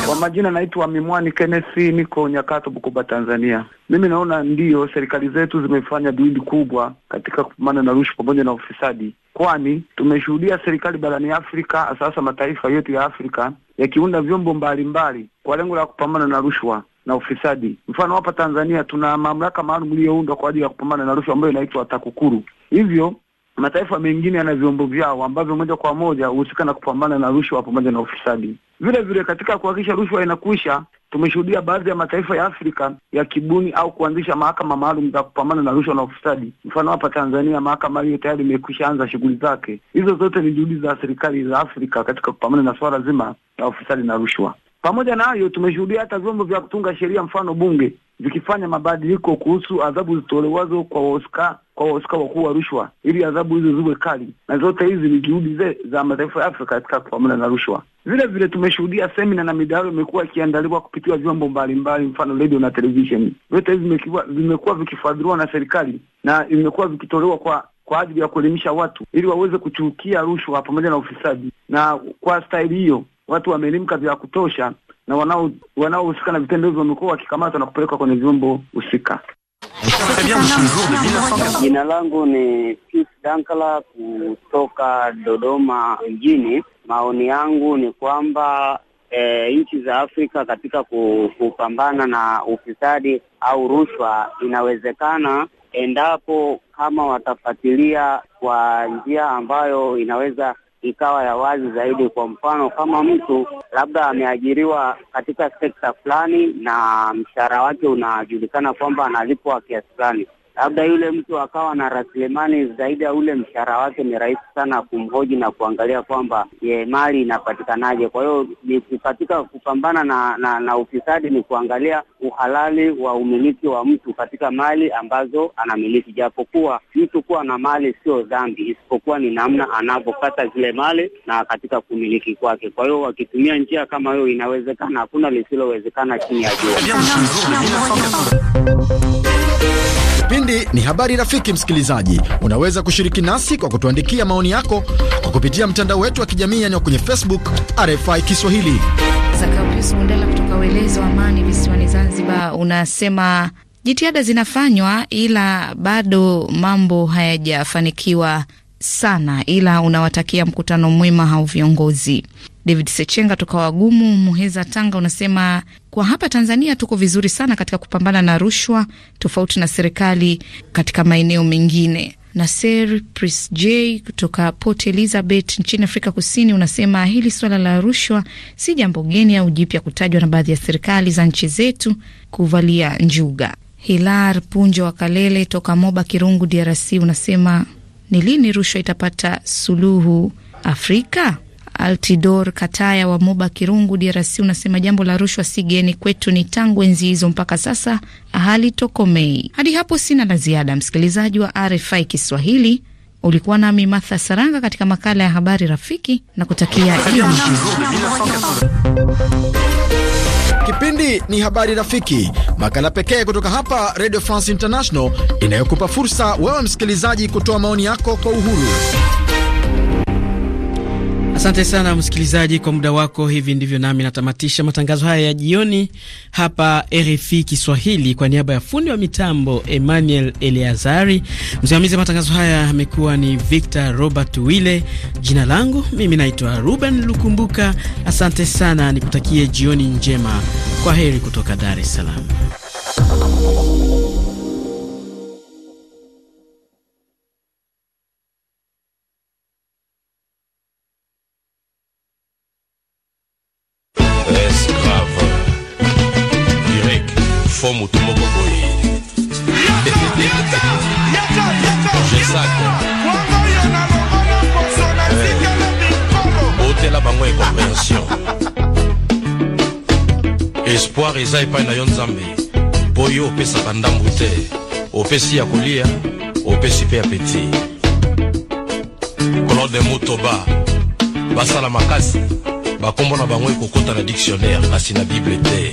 Kwa majina naitwa Mimwani Kennesi, niko Nyakato, Bukoba, Tanzania. Mimi naona ndiyo serikali zetu zimefanya juhudi kubwa katika kupambana na rushwa pamoja na ufisadi, kwani tumeshuhudia serikali barani Afrika, sasa mataifa yote ya Afrika yakiunda vyombo mbalimbali kwa lengo la kupambana na rushwa na ufisadi. Mfano hapa Tanzania tuna mamlaka maalum iliyoundwa kwa ajili ya kupambana na rushwa ambayo inaitwa TAKUKURU. Hivyo mataifa mengine yana vyombo vyao ambavyo moja kwa moja huhusika na kupambana na rushwa pamoja na ufisadi. Vile vile katika kuhakikisha rushwa inakuisha, tumeshuhudia baadhi ya mataifa ya Afrika ya kibuni au kuanzisha mahakama maalum za kupambana na rushwa na ufisadi. Mfano hapa Tanzania, mahakama hiyo tayari imekwisha anza shughuli zake. Hizo zote ni juhudi za serikali za Afrika katika kupambana na suala zima la ufisadi na rushwa. Pamoja na hayo, tumeshuhudia hata vyombo vya kutunga sheria, mfano bunge, vikifanya mabadiliko kuhusu adhabu zitolewazo kwa wahusika kwa wahusika wakuu wa rushwa ili adhabu hizo ziwe kali, na zote hizi ni juhudi za mataifa ya Afrika katika kupambana na rushwa. Vile vile tumeshuhudia semina na midahalo imekuwa ikiandaliwa kupitia vyombo mbalimbali, mfano redio na televisheni. Vyote hivi vimekuwa vikifadhiliwa na serikali na vimekuwa vikitolewa kwa kwa ajili ya kuelimisha watu ili waweze kuchukia rushwa pamoja na ufisadi, na kwa staili hiyo watu wameelimka vya kutosha, na wanaohusika na vitendo hivyo wamekuwa wakikamatwa na kupelekwa kwenye vyombo husika.
Jina langu ni Pis Dankala kutoka Dodoma mjini. Maoni yangu ni kwamba E, nchi za Afrika katika kupambana na ufisadi au rushwa inawezekana endapo kama watafuatilia kwa njia ambayo inaweza ikawa ya wazi zaidi. Kwa mfano, kama mtu labda ameajiriwa katika sekta fulani na mshahara wake unajulikana kwamba analipwa kiasi fulani, labda yule mtu akawa na rasilimali zaidi ya ule mshahara wake, ni rahisi sana kumhoji na kuangalia kwamba ye mali inapatikanaje. Kwa hiyo ni katika kupambana na, na, na ufisadi ni kuangalia uhalali wa umiliki wa mtu katika mali ambazo anamiliki, japokuwa mtu kuwa na mali sio dhambi, isipokuwa ni namna anavyopata zile mali na katika kumiliki kwake. Kwa hiyo wakitumia njia kama hiyo, inawezekana. Hakuna lisilowezekana chini ya jua.
Kipindi
ni habari rafiki. Msikilizaji, unaweza kushiriki nasi kwa kutuandikia maoni yako kwa kupitia mtandao wetu wa kijamii yaani kwenye Facebook RFI Kiswahili. Zakapius
Mundela kutoka Amani visiwani Zanzibar unasema jitihada zinafanywa ila bado mambo hayajafanikiwa sana, ila unawatakia mkutano mwema hau viongozi. David Sechenga toka Wagumu, Muheza, Tanga, unasema kwa hapa Tanzania tuko vizuri sana katika kupambana na rushwa, tofauti na serikali katika maeneo mengine. Naser Pris J kutoka Port Elizabeth nchini Afrika Kusini unasema hili suala la rushwa si jambo geni au jipya kutajwa na baadhi ya serikali za nchi zetu kuvalia njuga. Hilar Punjo wa Kalele toka Moba Kirungu, DRC unasema ni lini rushwa itapata suluhu Afrika? Altidor Kataya wa Moba Kirungu, DRC, unasema jambo la rushwa si geni kwetu, ni tangu enzi hizo mpaka sasa halitokomei. Hadi hapo sina la ziada, msikilizaji wa RFI Kiswahili. Ulikuwa nami matha Saranga katika makala ya habari rafiki na kutakia
Kipindi ni habari rafiki, makala pekee kutoka hapa Radio France International inayokupa fursa wewe msikilizaji kutoa maoni yako kwa uhuru.
Asante sana msikilizaji kwa muda wako. Hivi ndivyo nami natamatisha matangazo haya ya jioni hapa RFI Kiswahili. Kwa niaba ya fundi wa mitambo Emmanuel Eleazari, msimamizi wa matangazo haya amekuwa ni Victor Robert Wille. Jina langu mimi naitwa Ruben Lukumbuka. Asante sana, nikutakie jioni njema. Kwa heri kutoka Dar es Salaam.
fɔ moto moko boye otela eh. bango econversion espoir eza epai na yo nzambe mpo yo opesaka ndambu te opesi ya kolia opesi mpe apeti claude motoba basala makasi bakombo na bango ekokota na dictionnaire kasi na bible te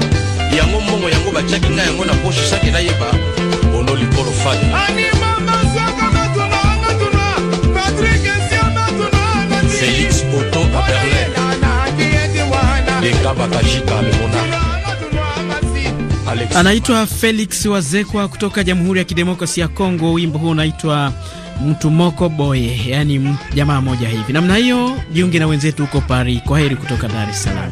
yango mbongo yango batiaki nga yango na poshi nayeba bono likolo fani
félix oto a berlin dekabakajika
anaitwa
Felix Wazekwa kutoka Jamhuri ya Kidemokrasi ya Kongo. Wimbo huo unaitwa mtu moko boye, yaani jamaa moja hivi namna
hiyo. Jiunge na wenzetu huko Paris. Kwa heri kutoka Dar es Salaam.